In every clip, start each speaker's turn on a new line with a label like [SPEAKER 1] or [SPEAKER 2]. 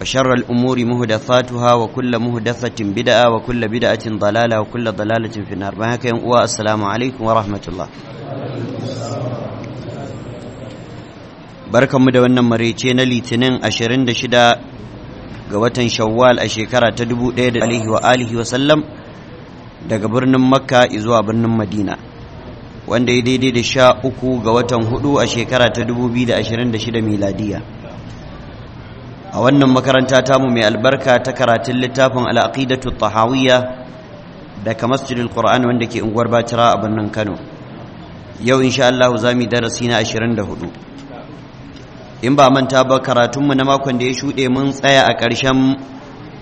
[SPEAKER 1] وشر الأمور مهدثاتها وكل مهدثة بدعة وكل بدعة ضلالة وكل ضلالة في النار ما هكا والسلام عليكم ورحمة الله barkanmu da wannan marece na litinin 26 ga watan shawwal a shekara ta 1000 wa alihi wa sallam daga birnin makka zuwa birnin madina wanda ya daidai da sha uku ga watan hudu a shekara ta 2026 miladiya a wannan makaranta ta mu mai albarka ta karatun littafin al'aqidatu tahawiyya daga al qur'an wanda ke unguwar batira a birnin kano yau insha Allah za mu darasi na 24 in ba manta ba karatunmu na makon da ya shuɗe mun tsaya a ƙarshen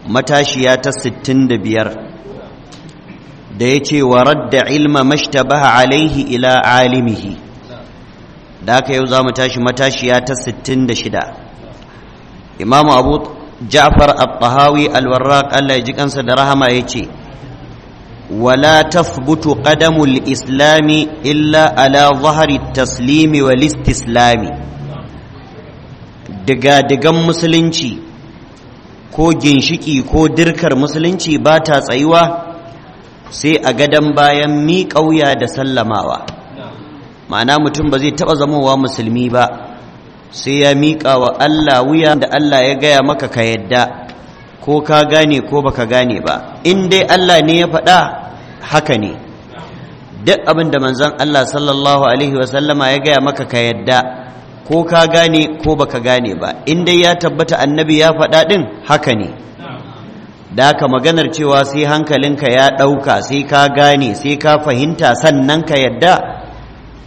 [SPEAKER 1] matashiya ta 65 da ya ce wa radda ilma mashtabaha alaihi ila alimihi da aka yau za mu tashi matashiya ta 66 Imam abu ja'far al-tahawi al-warraq Allah ya ji kansa da rahama yace wala tasbutu qadamul islami illa ala zahari taslimi wal istislami diga digan musulunci ko ginshiki ko dirkar musulunci ba ta tsayuwa sai a gadan bayan mi kauya da sallamawa ma'ana mutum ba zai taɓa zamowa musulmi ba sai ya miƙa wa Allah wuya da Allah ya gaya maka ka yadda ko ka gane ko baka gane ba in dai Allah ne ya faɗa haka ne duk abin da manzon Allah sallallahu alaihi wasallama ya gaya maka ka yadda ko ka gane ko baka gane ba in dai ya tabbata annabi ya faɗa ɗin haka ne da ka maganar cewa sai hankalinka ya ɗauka sai ka gane sai ka fahimta sannan ka yadda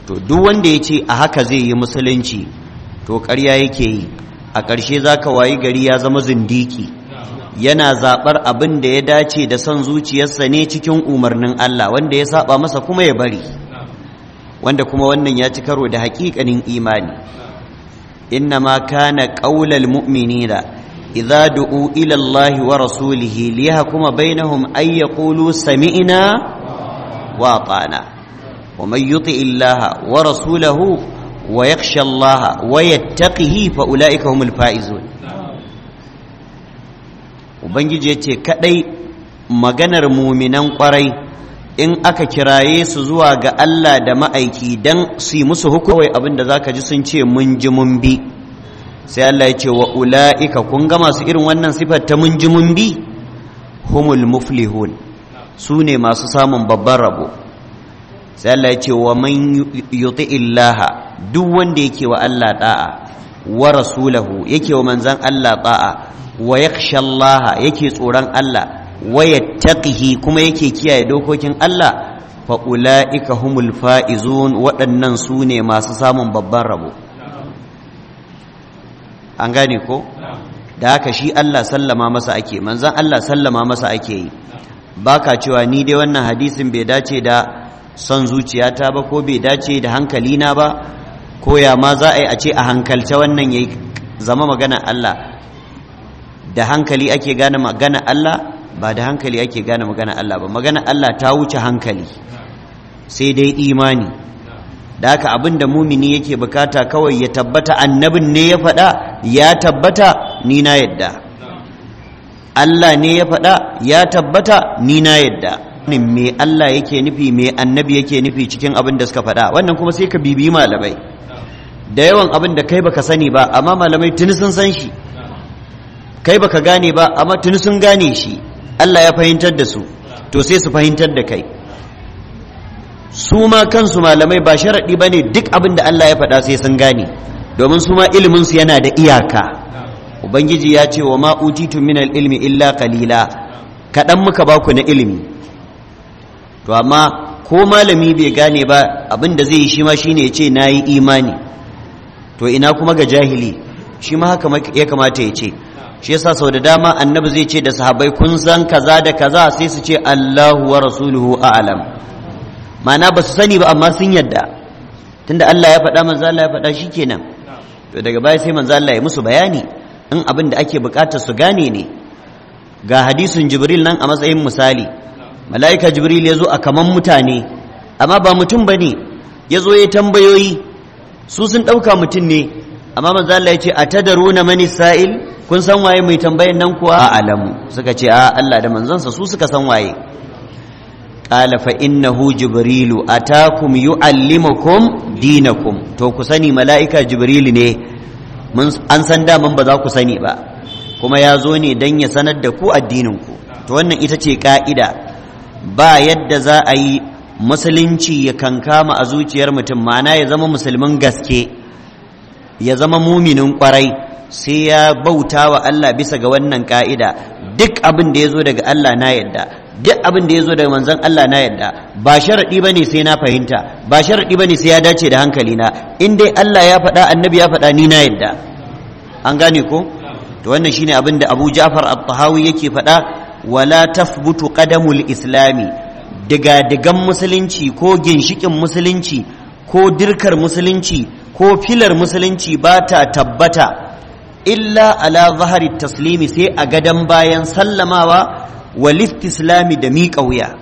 [SPEAKER 1] to duk wanda ya ce a haka zai yi musulunci to ƙarya yake yi a ƙarshe za ka wayi gari ya zama zindiki yana zaɓar abin da ya dace da son zuciyarsa ne cikin umarnin Allah wanda ya saba masa kuma ya bari wanda kuma wannan ya ci karo da haƙiƙanin imani inna ma kana ƙaular mu'minina idza du'u ila Allah wa rasulihi yahkuma bainahum ay yaqulu sami'na wa ata'na wa man yuti illaha wa rasulahu wa yakhsha Allah wa yattaqihi fa ulaika humul faizun ubangiji yace kadai maganar muminan kwarai in aka kiraye su zuwa ga Allah da ma'aiki dan su yi musu hukumai abinda zaka ji sun ce mun ji mun bi sai Allah ya wa ula'ika kun ga masu irin wannan sifar ta mun ji mun bi humul muflihun su ne masu samun babban rabo sai Allah ya wa man yuti illaha duk wanda yake wa Allah da'a wa rasulahu yake wa manzan Allah da'a wa yakhsha Allah yake tsoron Allah wa yattaqihi kuma yake kiyaye dokokin Allah fa ulaika humul faizun waɗannan su ne masu samun babban rabo an gane ko da haka shi Allah sallama masa ake manzan Allah sallama masa ake yi baka cewa ni dai wannan hadisin bai dace da son zuciyata ba ko bai dace da hankalina ba koya ma za a yi a ce a hankalce wannan ya zama magana Allah da hankali ake gane magana Allah ba da hankali ake gane magana Allah ba magana Allah ta wuce hankali sai dai imani da haka abin da mumini yake bukata kawai ya tabbata annabin ne ya faɗa ya tabbata ni na yadda Allah ne ya faɗa ya tabbata ni na yadda me Allah yake nufi me annabi yake nufi cikin abin da suka faɗa wannan kuma sai ka bibiyi malamai da yawan abin da kai baka sani ba amma malamai tuni sun san shi kai baka gane ba amma tuni sun gane shi Allah ya fahimtar da su to sai su fahimtar da kai su ma kansu malamai ba sharaɗi ba ne duk abin da Allah ya faɗa sai sun gane domin su ma iliminsu yana da iyaka ubangiji ya ce wa ma utitu min ilmi illa qalila kaɗan muka ba ku na ilimi to amma ko malami bai gane ba abin da zai yi shi ma shine ya ce na yi imani to ina kuma ga jahili shi ma haka ya kamata ya ce shi yasa sau da dama annabi zai ce da sahabbai kun san kaza da kaza sai su ce Allahu wa rasuluhu a'lam ma'ana ba su sani ba amma sun yadda tunda Allah ya faɗa manzo Allah ya faɗa shikenan to daga baya sai manzo Allah ya musu bayani in abin da ake buƙatar su gane ne ga hadisin Jibril nan a matsayin misali mala'ika Jibril ya zo a kaman mutane amma ba mutum bane ya zo ya tambayoyi su sun ɗauka mutum ne amma manzo Allah ya ce atadaruna mani sa'il kun san waye mai tambayan nan kuwa a alamu suka ce a Allah da manzansa su suka san waye qala fa innahu jibrilu atakum yuallimukum dinakum to ku sani mala'ika jibrilu ne an san daman ba za ku sani ba kuma ya zo ne dan ya sanar da ku addinin ku to wannan ita ce ka'ida ba yadda za a yi musulunci ya kankama a zuciyar mutum mana ya zama musulmin gaske ya zama muminin kwarai sai ya bauta wa Allah bisa ga wannan ka'ida duk abin da ya zo daga Allah na yadda duk abin da ya zo daga manzon Allah na yadda ba sharaɗi ba ne sai na fahimta ba sharaɗi ba ne sai ya dace da hankalina in dai Allah ya faɗa annabi ya faɗa ni na yadda an gane ko to wannan shine abin da Abu Ja'far at-Tahawi yake faɗa wala tafbutu qadamul islami diga-digan musulunci ko ginshikin musulunci ko dirkar musulunci ko filar musulunci ba ta tabbata illa ala zahari taslimi sai a gadon bayan sallamawa walist islami da miƙa wuya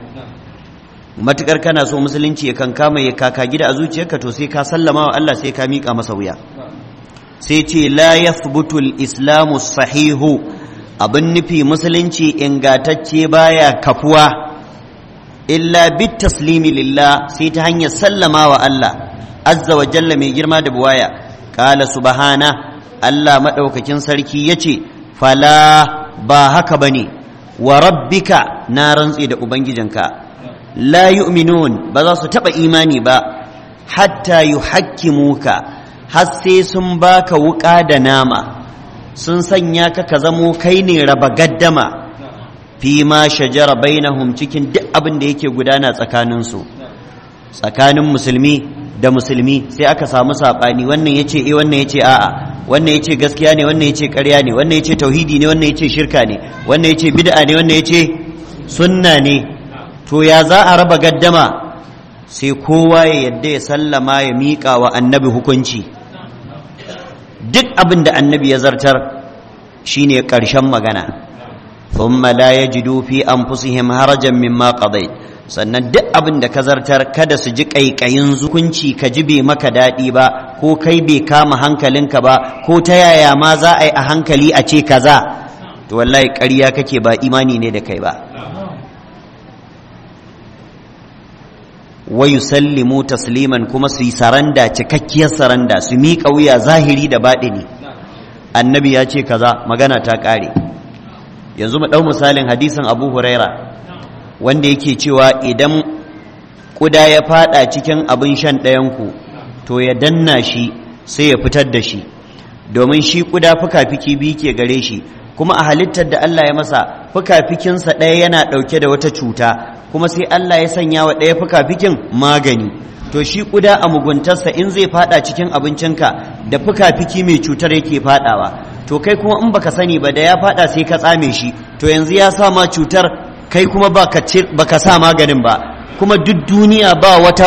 [SPEAKER 1] matukar kana so musulunci ya kan kama ya kaka gida a zuciyarka to sai ka sallama wa Allah sai ka miƙa masa wuya sai ce la yathbutul islamu sahihu abin nufi musulunci ingantacce baya kafuwa illa bit taslimi lillah sai ta hanyar sallama wa Allah azza wa jalla mai girma da buwaya qala subhana Allah madaukakin sarki yace fala ba haka bane wa rabbika na rantsi da ubangijinka la yu'minun ba za su taba imani ba hatta yuhakkimuka har sai sun baka wuka da nama sun sanya ka ka zamo kai ne raba gaddama fi ma shajara bainahum cikin duk abin da yake gudana tsakaninsu tsakanin musulmi da musulmi sai aka samu saɓani wannan ya ce eh, wannan ya ce a'a wannan ya ce gaskiya ne wannan ya ce ƙarya ne wannan ya ce tauhidi ne wannan ya ce shirka ne wannan ya ce bid'a ne wannan ya ce sunna ne to ya za a raba gaddama sai kowa ya yadda ya sallama ya miƙa wa annabi hukunci duk abin da annabi ya zartar shine ƙarshen magana ji dofi yajidu fi anfusihim harajan mimma qadait sannan duk abin da ka zartar kada su ji ƙaiƙayin zukunci ka ji bai maka daɗi ba ko kai bai kama hankalinka ba ko ta yaya ma za a yi a hankali a ce kaza to wallahi ƙarya kake ba imani ne da kai ba wa yusallimu tasliman kuma su yi saranda cikakkiyar saranda su miƙa wuya zahiri da baɗini annabi ya ce kaza magana ta ƙare yanzu mu ɗau misalin hadisin abu huraira wanda yake cewa idan ƙuda ya faɗa cikin abin shan ɗayanku to ya danna shi sai ya fitar da shi domin shi kuda fuka-fiki biyu ke gare shi kuma a halittar da Allah ya masa fuka-fikinsa ɗaya yana ɗauke da wata cuta kuma sai Allah ya sanya wa ɗaya fuka-fikin magani to shi kuda a muguntarsa in zai faɗa cikin abincinka da fuka-fiki mai cutar yake faɗawa. to kai kuma in baka sani ba da ya fada sai ka tsame shi to yanzu ya sa ma cutar kai kuma baka sa maganin ba kuma duk duniya ba wata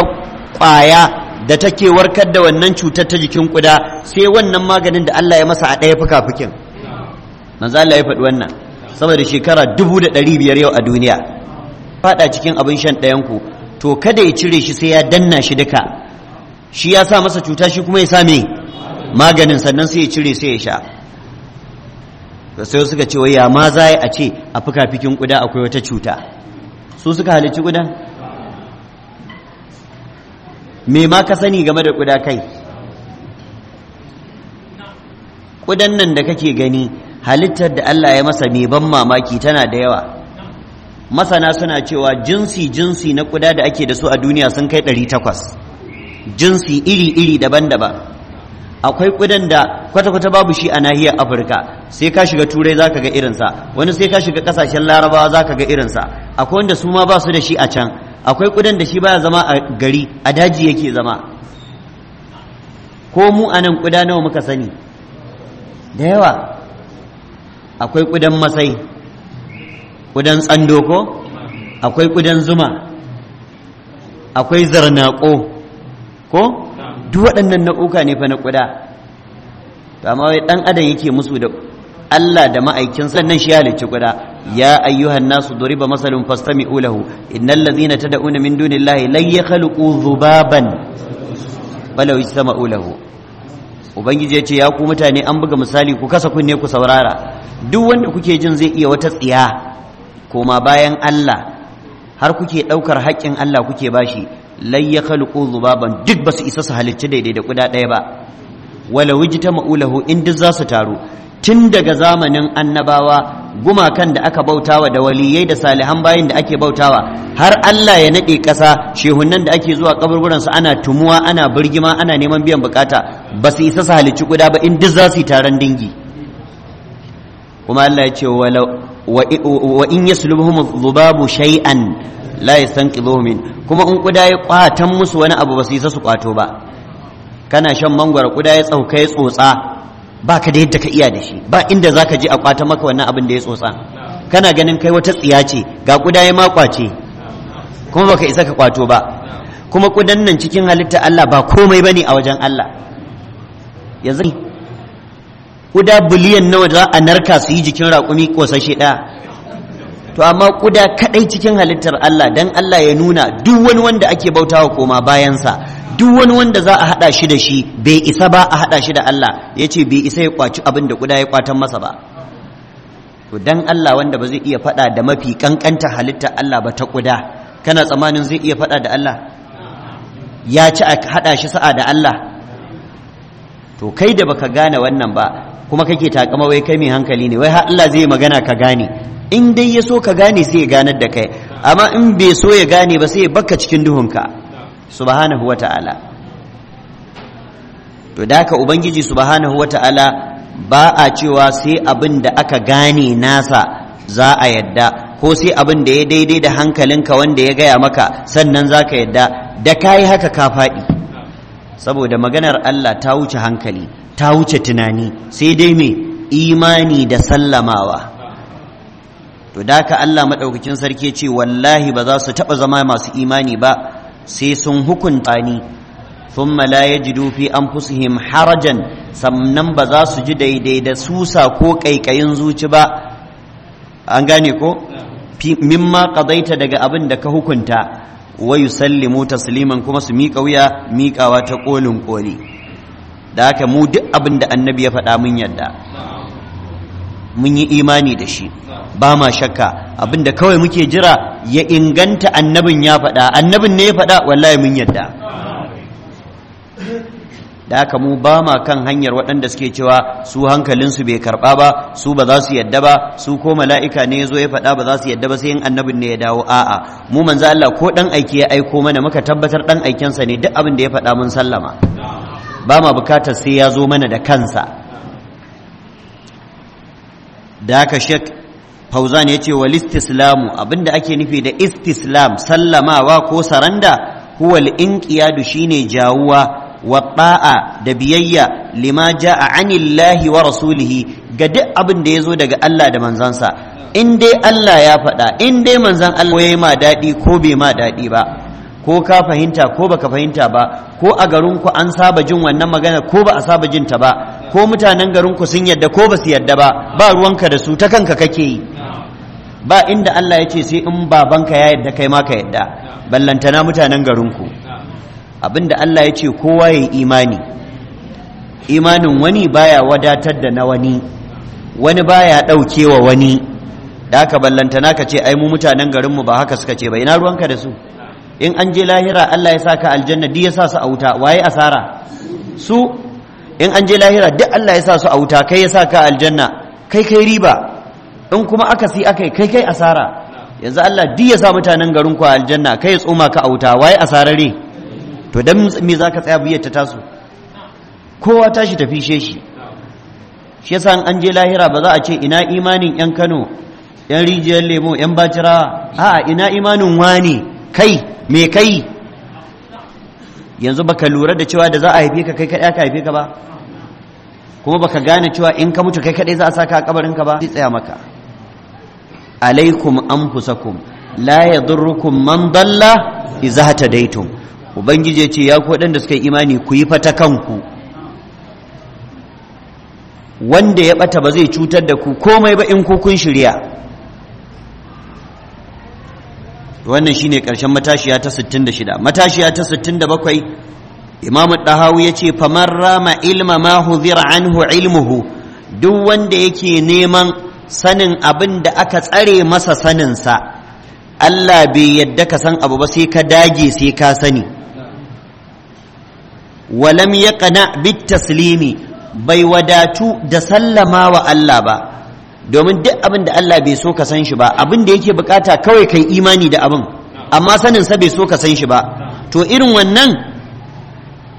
[SPEAKER 1] kwaya da take warkar da wannan cutar ta jikin kuda sai wannan maganin da Allah ya masa a ɗaya fuka-fukin manzo Allah ya faɗi wannan saboda shekara dubu da ɗari biyar yau a duniya faɗa cikin abin shan ɗayan ku, to kada ya cire shi sai ya danna shi duka shi ya sa masa cuta shi kuma ya sa me maganin sannan sai ya cire sai ya sha to sai suka ce wai ya ma za a ce a fikafikin kuda akwai wata cuta su suka halicci kuda me ma ka sani game da kuda kai kudan nan da kake gani halittar da Allah ya masa mai ban mamaki tana da yawa masana suna cewa jinsi jinsi na kuda da ake da su a duniya sun kai 800 jinsi iri iri daban-daban akwai kudan da kwata-kwata babu shi a nahiyar afirka sai ka shiga turai za ka ga irinsa wani sai ka shiga kasashen larabawa za ka ga irinsa akwai wanda su ma ba su da shi a can akwai kudan da shi baya zama a gari a daji yake zama ko mu a nan kuda nawa muka sani da yawa akwai kudan masai kudan tsando ko akwai kudan zuma akwai zarnaƙo ko duk waɗannan na'uka ne fa na kuda. to amma wai ɗan adam yake musu da Allah da ma'aikinsa nan shi halicci kuda. ya ayyuhan nasu duriba masalun fastami ulahu innal ladzina tad'una min dunillahi lan yakhluqu dhubaban balaw yasma ulahu ubangiji ya ce ya ku mutane an buga misali ku kasa kunne ku saurara duk wanda kuke jin zai iya wata tsiya koma bayan Allah har kuke daukar haƙƙin Allah kuke bashi lai ya khalqu duk basu isa su halicci daidai da kuda ɗaya ba wala wujita ma'ulahu in duk za su taru tun daga zamanin annabawa gumakan da aka bautawa da waliyai da salihan bayin da ake bautawa har Allah ya nade ƙasa shehunan da ake zuwa kaburburan su ana tumuwa ana birgima ana neman biyan bukata basu isa su halicci kuda ba in duk za su taron dingi kuma Allah ya ce wa in yaslubuhum dhubabu shay'an la yastanqidhuhu min kuma in kuda ya kwatan musu wani abu ba su su kwato ba kana shan mangwaro kuda ya tsauka ya tsotsa ba ka da yadda ka iya da shi ba inda za ka je a kwata maka wannan abin da ya tsotsa kana ganin kai wata tsiya ce ga kuda ya makwace kuma baka isa ka kwato ba kuma kudan nan cikin halitta Allah ba komai bane a wajen Allah yanzu kuda biliyan nawa za a narka su yi jikin raƙumi ƙosashe ɗaya to amma kuda kadai cikin halittar Allah dan Allah ya nuna duk wani wanda ake bautawa koma bayansa duk wani wanda za a hada shi da shi bai isa ba a hada shi da Allah yace bai isa ya kwaci abin da kuda ya kwatan masa ba to dan Allah wanda ba zai iya fada da mafi kankanta halittar Allah ba ta kuda kana tsamanin zai iya fada da Allah ya ci a hada shi sa'a da Allah to kai da baka gane wannan ba kuma kake takama wai kai mai hankali ne wai har Allah zai magana ka gane in dai ya so ka gane sai ya ganar da kai amma in bai so ya gane ba sai ya baka cikin duhunka subhanahu wa ta'ala to da haka ubangiji subhanahu wa ta'ala ba a cewa sai abin da aka gane nasa za a yadda ko sai abin da ya daidai da hankalinka wanda ya gaya maka sannan za ka yadda da ka yi haka ka faɗi saboda maganar Allah ta wuce hankali ta wuce tunani sai dai mai imani da sallamawa to da ka Allah madaukakin sarki ce wallahi ba za su taba zama masu imani ba sai sun hukunta ni thumma la yajidu fi anfusihim harajan sannan ba za su ji daidai da susa ko kaikayin zuci ba an gane ko mimma qadaita daga abin da ka hukunta wa yusallimu tasliman kuma su miƙa wuya miƙawa ta kolin koli da haka mu duk abin da annabi ya faɗa mun yadda mun yi imani da shi ba ma shakka abinda kawai muke jira ya inganta annabin ya faɗa annabin ne ya faɗa wallahi mun yadda da haka mu ba ma kan hanyar waɗanda suke cewa su hankalinsu bai karɓa ba su ba za su yadda ba su ko mala'ika ne ya zo ya faɗa ba za su yadda ba sai yin annabin ne ya dawo a'a mu manzo Allah ko ɗan aiki ya aiko mana muka tabbatar ɗan aikensa ne duk abin da ya faɗa mun sallama ba ma bukatar sai ya zo mana da kansa da haka shek fauzan ya ce wal istislamu abinda ake nufi da istislam sallamawa ko saranda huwa al-inqiyadu shine jawuwa wa ta'a da biyayya lima ja'a anillahi wa rasulihi ga duk abin da yazo daga Allah da manzansa in dai Allah ya faɗa in dai manzan Allah yayi ma daɗi ko bai ma daɗi ba ko ka fahimta ko baka fahimta ba ko a garin an saba jin wannan magana ko ba a saba jin ta ba ko mutanen garinku sun yadda ko ba su yadda ba ba ruwanka da su ta kanka kake yi ba inda Allah ya ce sai in babanka ya yadda kai ma ka yadda ballantana mutanen garinku abinda Allah ya ce kowa ya imani imanin wani baya wadatar da na wani wani baya wa wani da aka ballantana ka ce ai mu mutanen garinmu ba haka suka ce ba ina ruwanka da su in an je lahira Allah ya sa ka aljanna di ya sa su a wuta waye asara su in an je lahira duk Allah ya sa su a wuta kai ya sa ka aljanna kai kai riba in kuma aka si aka kai kai asara yanzu Allah duk ya sa mutanen garin ku a aljanna kai ya tsoma ka a wuta waye asarare to dan me zaka tsaya biyar ta tasu kowa tashi tafi sheshi shi shi yasa an je lahira ba za a ce ina imanin yan Kano yan rijiyar lemo yan bacira a'a ina imanin wani kai me kai yanzu baka lura da cewa da za a haife ka kai kaɗai aka haife ka ba kuma baka gane cewa in ka mutu kai kaɗai za a saka a kabarin ka ba zai tsaya maka alaikum anfusakum la yadurrukum man dalla idza hatadaitum ubangije ce ya ko dan da suka yi imani ku yi fata kanku wanda ya bata ba zai cutar da ku komai ba in ku kun shirya to wannan shine karshen matashiya ta 66 matashiya ta 67 imamu dahawi ya ce famarrama rama ilma ma huzira anhu ilmuhu duk wanda yake neman sanin abin da aka tsare masa sanin sa Allah bai yadda ka san abu ba sai ka dage sai ka sani walam lam kana bit taslimi bai wadatu da sallama wa Allah ba domin duk abin da Allah bai so ka san shi ba abin da yake bukata kawai kai imani da abin amma sanin sa bai so ka san shi ba to irin wannan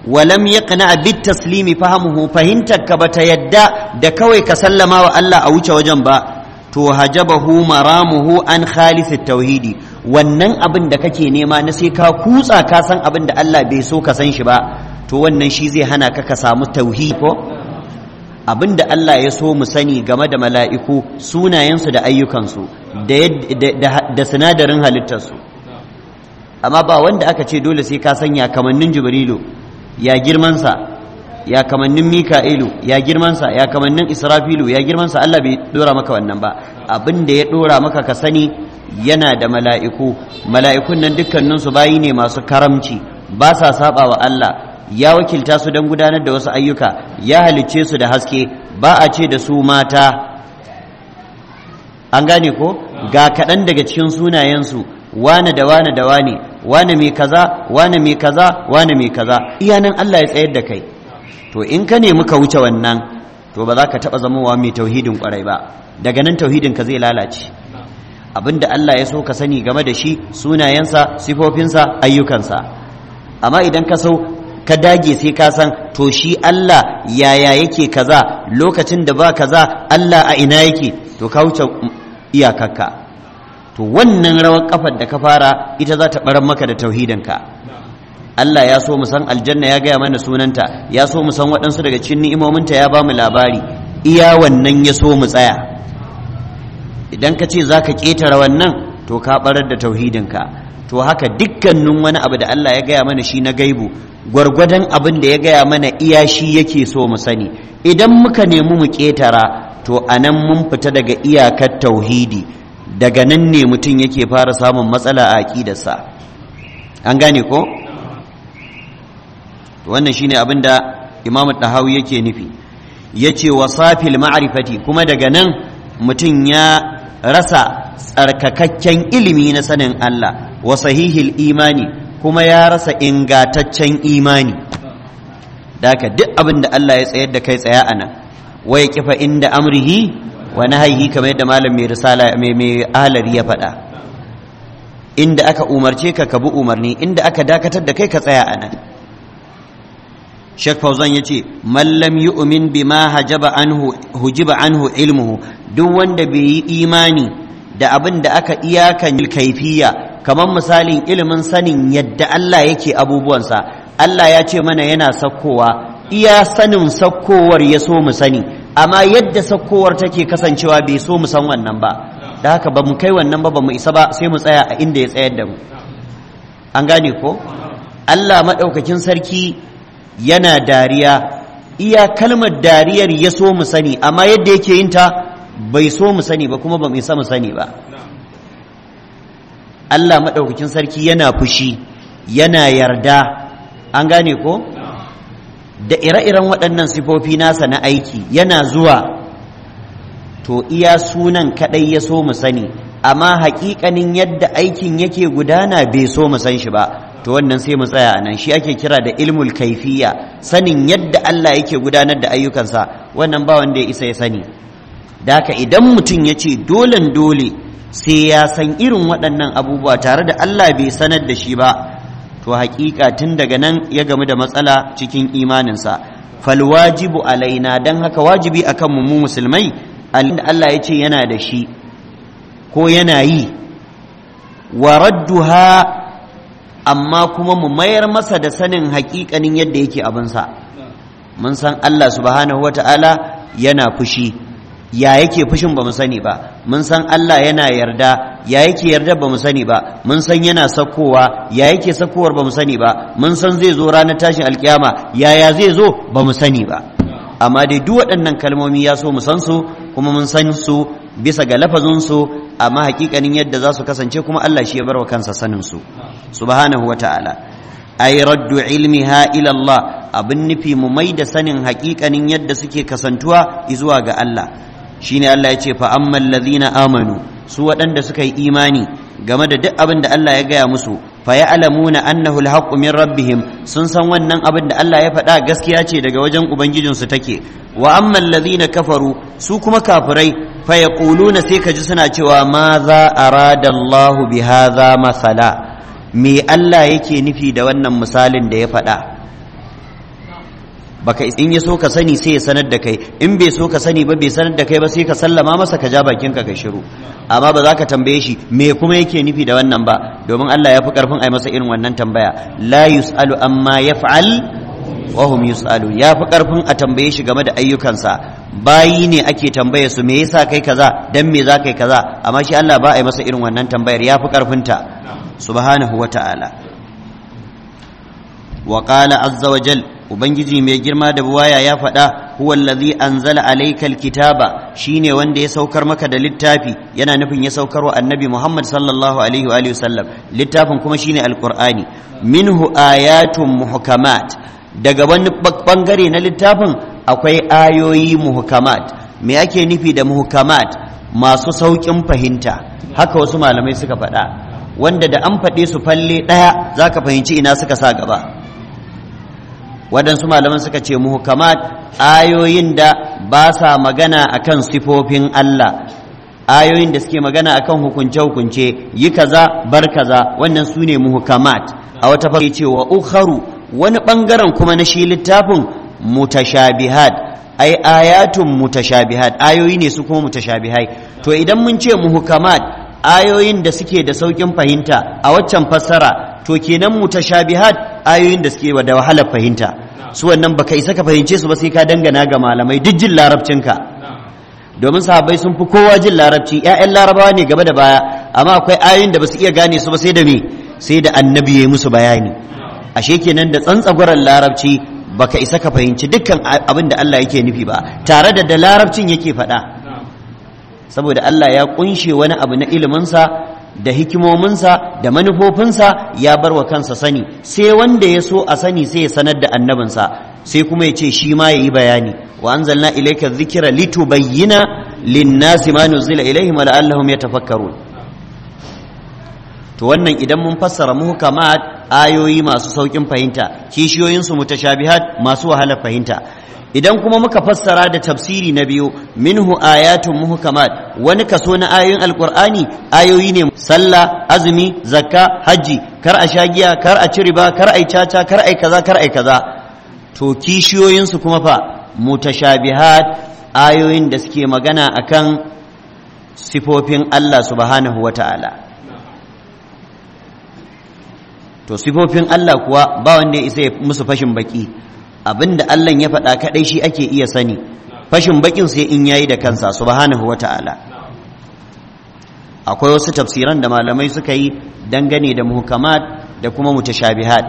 [SPEAKER 1] walam yaqna bit taslimi fahamuhu fahimtar ka bata yadda da kawai ka sallama wa Allah a wuce wajen ba to hajabahu maramuhu an khalis tauhidi wannan abin da kake nema na sai ka kutsa ka san abin da Allah bai so ka san shi ba to wannan shi zai hana ka ka samu tauhidi ko abin da Allah ya so mu sani game da mala'iku sunayensu da ayyukansu da sinadarin halittarsu amma ba wanda aka ce dole sai ka sanya kamannin jibrilu ya girmansa ya kamannin mika'ilu ya girmansa ya kamannin israfilu ya girmansa Allah bai dora maka wannan ba abin da ya dora maka ka sani yana da mala'iku mala'ikun nan dukkaninsu bayi ne masu karamci ba sa saba wa Allah ya wakilta su don gudanar da wasu ayyuka ya halicce su da haske ba a ce da su mata an gane ko ga kaɗan daga cikin sunayensu wane da wane da wane wane mai kaza wane mai kaza wane mai kaza iyanan Allah ya tsayar da kai to in ka nemi ka wuce wannan to ba za ka taɓa wa mai tauhidin kwarai ba daga nan tauhidin ka zai lalace abinda Allah ya so ka sani game da shi sunayensa sifofinsa ayyukansa amma idan ka so ka dage sai ka san to shi Allah yaya yake kaza lokacin da ba kaza Allah a ina yake to ka wuce iyakarka to wannan rawar kafar da ka fara ita za ta barar maka da tauhidinka Allah ya so mu san aljanna ya gaya mana sunanta ya so mu san waɗansu daga cikin ni'imominta ya ba mu labari iya wannan ya so mu tsaya idan ka ce za ka ƙetare wannan to ka barar da tauhidinka to haka dukkanin wani abu da Allah ya gaya mana shi na gaibu gwargwadon abin da ya gaya mana iya shi yake so mu sani idan muka nemi mu ƙetara to a nan mun fita daga iyakar tauhidi daga nan ne mutum yake fara samun matsala a aƙidarsa an gane ko wannan shine abin da imam tahawi yake nufi ya ce wasafil ma'rifati kuma daga nan mutum ya rasa tsarkakakken ilimi na sanin Allah wa sahihil imani kuma ya rasa ingataccen imani daga duk abin da Allah ya tsayar da kai tsaya a nan waya kifa inda amrihi wa nahayhi kamar yadda malam mai risala mai mai ya faɗa inda aka umarce ka ka bi umarni inda aka dakatar da kai ka tsaya a nan Sheikh Fauzan yace man lam yu'min bima hajaba anhu hujiba anhu ilmuhu duk wanda bai yi imani da abin da aka iyakan kaifiya. kamar misalin ilimin sanin yadda Allah yake abubuwansa Allah ya ce mana yana sakkowa iya sanin sakkowar ya so mu sani amma yadda sakkowar take kasancewa bai so mu san wannan ba da haka ba mu kai wannan ba ba mu isa ba sai mu tsaya a inda ya tsayar da mu an gane ko Allah maɗaukakin sarki yana dariya iya kalmar dariyar ya so mu sani amma yadda yake yin ta bai so mu sani ba kuma ba mu isa mu sani ba Allah maɗaukakin sarki yana fushi yana yarda an gane ko da ire-iren waɗannan sifofi nasa na aiki yana zuwa to iya sunan kaɗai ya so mu sani amma haƙiƙanin yadda aikin yake gudana bai so mu san shi ba to wannan sai mu tsaya anan shi ake kira da ilmul kaifiya sanin yadda Allah yake gudanar da ayyukansa wannan ba wanda ya isa ya sani da haka idan mutum ya ce dolen dole sai ya san irin waɗannan abubuwa tare da Allah bai sanar da shi ba to haƙiƙa tun daga nan ya gamu da matsala cikin imaninsa falwajibu alaina don haka wajibi akan mu musulmai da Allah ya ce yana da shi ko yana yi wa radduha amma kuma mu mayar masa da sanin haƙiƙanin yadda yake abinsa mun san Allah subhanahu ta'ala yana fushi ya yake fushin ba mu sani ba mun san Allah yana yarda ya yake yarda ba mu sani ba mun san yana sakowa ya yake sakowar ba mu sani ba mun san zai zo ranar tashin alkiyama ya zai zo ba mu sani ba amma dai duk waɗannan kalmomi ya so mu san su kuma mun san su bisa ga lafazin su amma hakikanin yadda za su kasance kuma Allah shi ya barwa kansa sanin su subhanahu wata'ala ay raddu ilmiha ila Allah abin nufi mu mai da sanin hakikanin yadda suke kasantuwa izuwa ga Allah shine Allah ya ce fa ammal ladina amanu su waɗanda suka yi imani game da duk abin da Allah ya gaya musu fa ya'lamuna annahu alhaqqu min rabbihim sun san wannan abin da Allah ya faɗa gaskiya ce daga wajen ubangijinsu take wa ammal ladina kafaru su kuma kafirai fa yaquluna sai kaji suna cewa ma za arada Allah bi masala me Allah yake nufi da wannan misalin da ya faɗa baka in ya so ka sani sai ya sanar da kai in bai so ka sani ba bai sanar da kai ba sai ka sallama masa ka ja bakin ka kai shiru amma ba za ka tambaye shi me kuma yake nufi da wannan ba domin Allah ya fi karfin ai masa irin wannan tambaya la yusalu amma yaf'al wa hum yusalu ya fi karfin a tambaye shi game da ayyukansa bayi ne ake tambaye su me yasa kai kaza dan me za kai kaza amma shi Allah ba ai masa irin wannan tambayar ya fi karfin ta subhanahu wa ta'ala wa qala azza wa jalla ubangiji mai girma da buwaya ya faɗa huwa anzala alaikal kitaba shine wanda ya saukar maka da littafi yana nufin ya saukar wa annabi Muhammad sallallahu alaihi wa sallam littafin kuma shine alqur'ani minhu ayatun muhkamat daga wani bangare na littafin akwai ayoyi muhkamat me ake nufi da muhkamat masu saukin fahimta haka wasu malamai suka faɗa wanda da an faɗe su falle ɗaya zaka fahimci ina suka sa gaba waɗansu malaman suka ce muhukamat ayoyin da ba sa magana akan sifofin Allah ayoyin da suke magana akan hukunce-hukunce yi kaza bar kaza wannan su ne muhukamat. a wata fara ce wa ukharu wani ɓangaren kuma na shi littafin mutashabihat ai ayatun mutashabihat ayoyi ne su kuma mutashabihai to idan mun ce muhukamat ayoyin da suke da saukin fahimta a waccan fassara to kenan mutashabihat ayoyin da suke da wahalar fahimta su wannan baka isa ka fahimce su ba sai ka dangana ga malamai duk jin larabcinka domin sahabbai sun fi kowa jin larabci ƴaƴan larabawa ne gaba da baya amma akwai ayoyin da ba su iya gane su ba sai da me sai da annabi ya musu bayani ashe kenan da tsantsagwaran larabci baka isa ka fahimci dukkan abin da Allah yake nufi ba tare da da larabcin yake faɗa saboda Allah ya kunshe wani abu na iliminsa da hikimominsa da manufofinsa ya bar wa kansa sani sai wanda ya so a sani sai ya sanar da annabinsa sai kuma ya ce shi ma ya yi bayani wa anzalna ilayka dhikra litubayyana linnasi ma nuzila ilaihim wa la'allahum yatafakkarun to wannan idan mun fassara muhkamat ayoyi masu saukin fahimta kishiyoyin su mutashabihat masu wahalar fahimta idan kuma muka fassara da tafsiri na biyu minhu ayatun muhkamat wani kaso na ayoyin alqur'ani ayoyi ne sallah azumi zakka haji kar a shagiya kar a ci riba kar yi caca kar yi kaza kar yi kaza to kishiyoyin su kuma fa mutashabihat ayoyin da suke magana akan sifofin Allah subhanahu wata'ala to sifofin Allah kuwa ba wanda ya isa musu fashin baki abinda Allah ya faɗa kaɗai shi ake iya sani fashin bakin sai in yayi da kansa subhanahu ta'ala, akwai wasu tafsiran da malamai suka yi dangane da muhkamat da kuma mutashabihat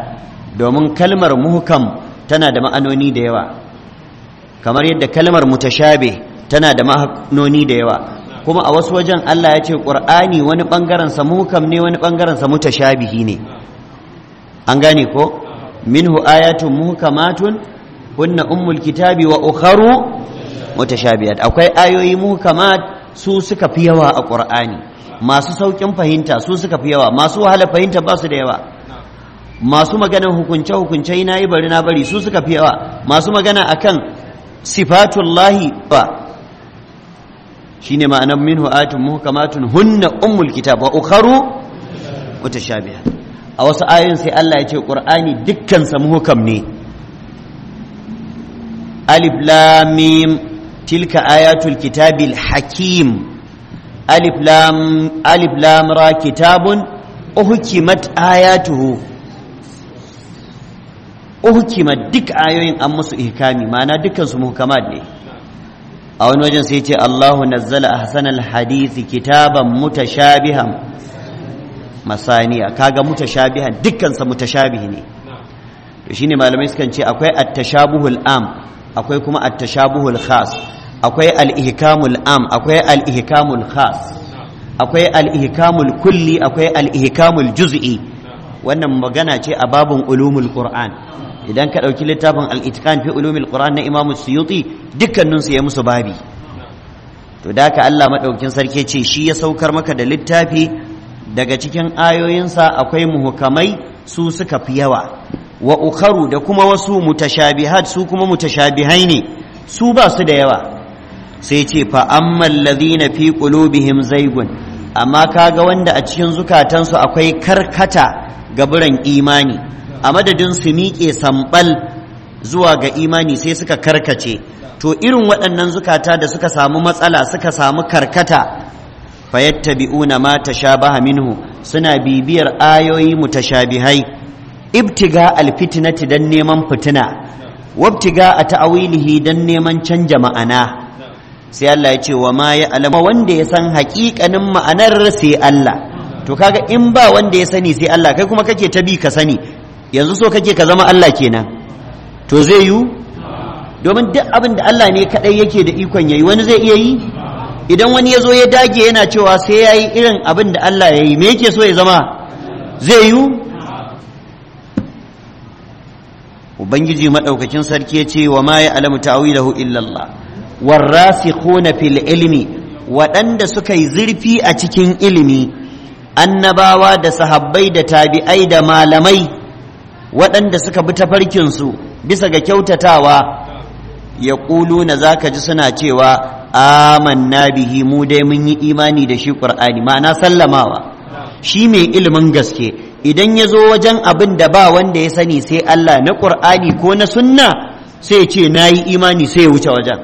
[SPEAKER 1] domin kalmar muhkam tana da ma'anoni da yawa kamar yadda kalmar mutashabi tana da ma'anoni da yawa kuma a wasu wajen Allah ya ce Qur'ani wani bangaren sa muhkam ne wani bangaren sa mutashabihi ne an gane ko minhu ayatun muhkamatun hunna ummul kitabi wa ukharu mutashabihat akwai ayoyi muhkamat su suka fi yawa a qur'ani masu saukin fahimta su suka fi yawa masu wahala fahimta ba su da yawa masu maganan hukunce hukunce ina yi bari na bari su suka fi yawa masu magana akan sifatullahi ba shine ma'anar minhu ayatun hunna wa a wasu ayoyin sai Allah ya ce ƙur'ani dukkan samu hukam ne alif lam mim tilka ayatul kitabil hakim alif lam alif lam ra kitabun uhkimat ayatuhu uhkimat duk ayoyin an musu ihkami ma'ana dukkan su muhkamat ne a wani wajen sai ce Allahu nazzala ahsanal hadisi kitaban mutashabihan masaniya kaga mutashabihan dukkan sa mutashabihi ne to shine malamai sukan ce akwai at-tashabuhul am akwai kuma at-tashabuhul khas akwai al-ihkamul am akwai al-ihkamul khas akwai al-ihkamul kulli akwai al-ihkamul juz'i wannan magana ce a babun ulumul qur'an idan ka dauki littafin al-itqan fi ulumul qur'an na imamu suyuti dukkanin su ya musu babi to da ka Allah madaukin sarki ce shi ya saukar maka da littafi daga cikin ayoyinsa akwai muhukamai su suka fi yawa wa ukharu da kuma wasu mutashabihat su kuma mutashabihai ne su ba su da yawa sai ce fa ammal ladhina fi qulubihim zaygun amma kaga wanda a cikin zukatansu akwai karkata ga buran imani a madadin su miƙe sambal zuwa ga imani sai suka karkace to irin waɗannan zukata da suka samu matsala suka samu karkata fayattabi'una ma tashabaha minhu suna bibiyar ayoyi mutashabihai ibtiga alfitnati dan neman fitina wabtiga a ta'awilihi dan neman canja ma'ana sai Allah ya ce wa ma ya alama wanda ya san haƙiƙanin ma'anar sai Allah to kaga in ba wanda ya sani sai Allah kai kuma kake ta bi ka sani yanzu so kake ka zama Allah kenan to zai yi domin duk abin da Allah ne kadai yake da ikon yayi wani zai iya yi idan wani ya zo ya dage yana cewa sai ya yi irin abin da Allah ya yi me yake so ya zama zai yi ubangiji maɗaukakin sarki ya ce wa ma ya alamu ta'awilahu illallah warrasikhuna fil ilmi waɗanda suka yi zurfi a cikin ilimi annabawa da sahabbai da tabi'ai da malamai waɗanda suka bi tafarkinsu bisa ga kyautatawa ya na zaka ji suna cewa amanna bihi mu dai mun yi imani da shi qur'ani ma'ana sallamawa shi mai ilimin gaske idan ya zo wajen abin da ba wanda ya sani sai Allah na qur'ani ko na sunna sai ce na yi imani sai ya wuce wajen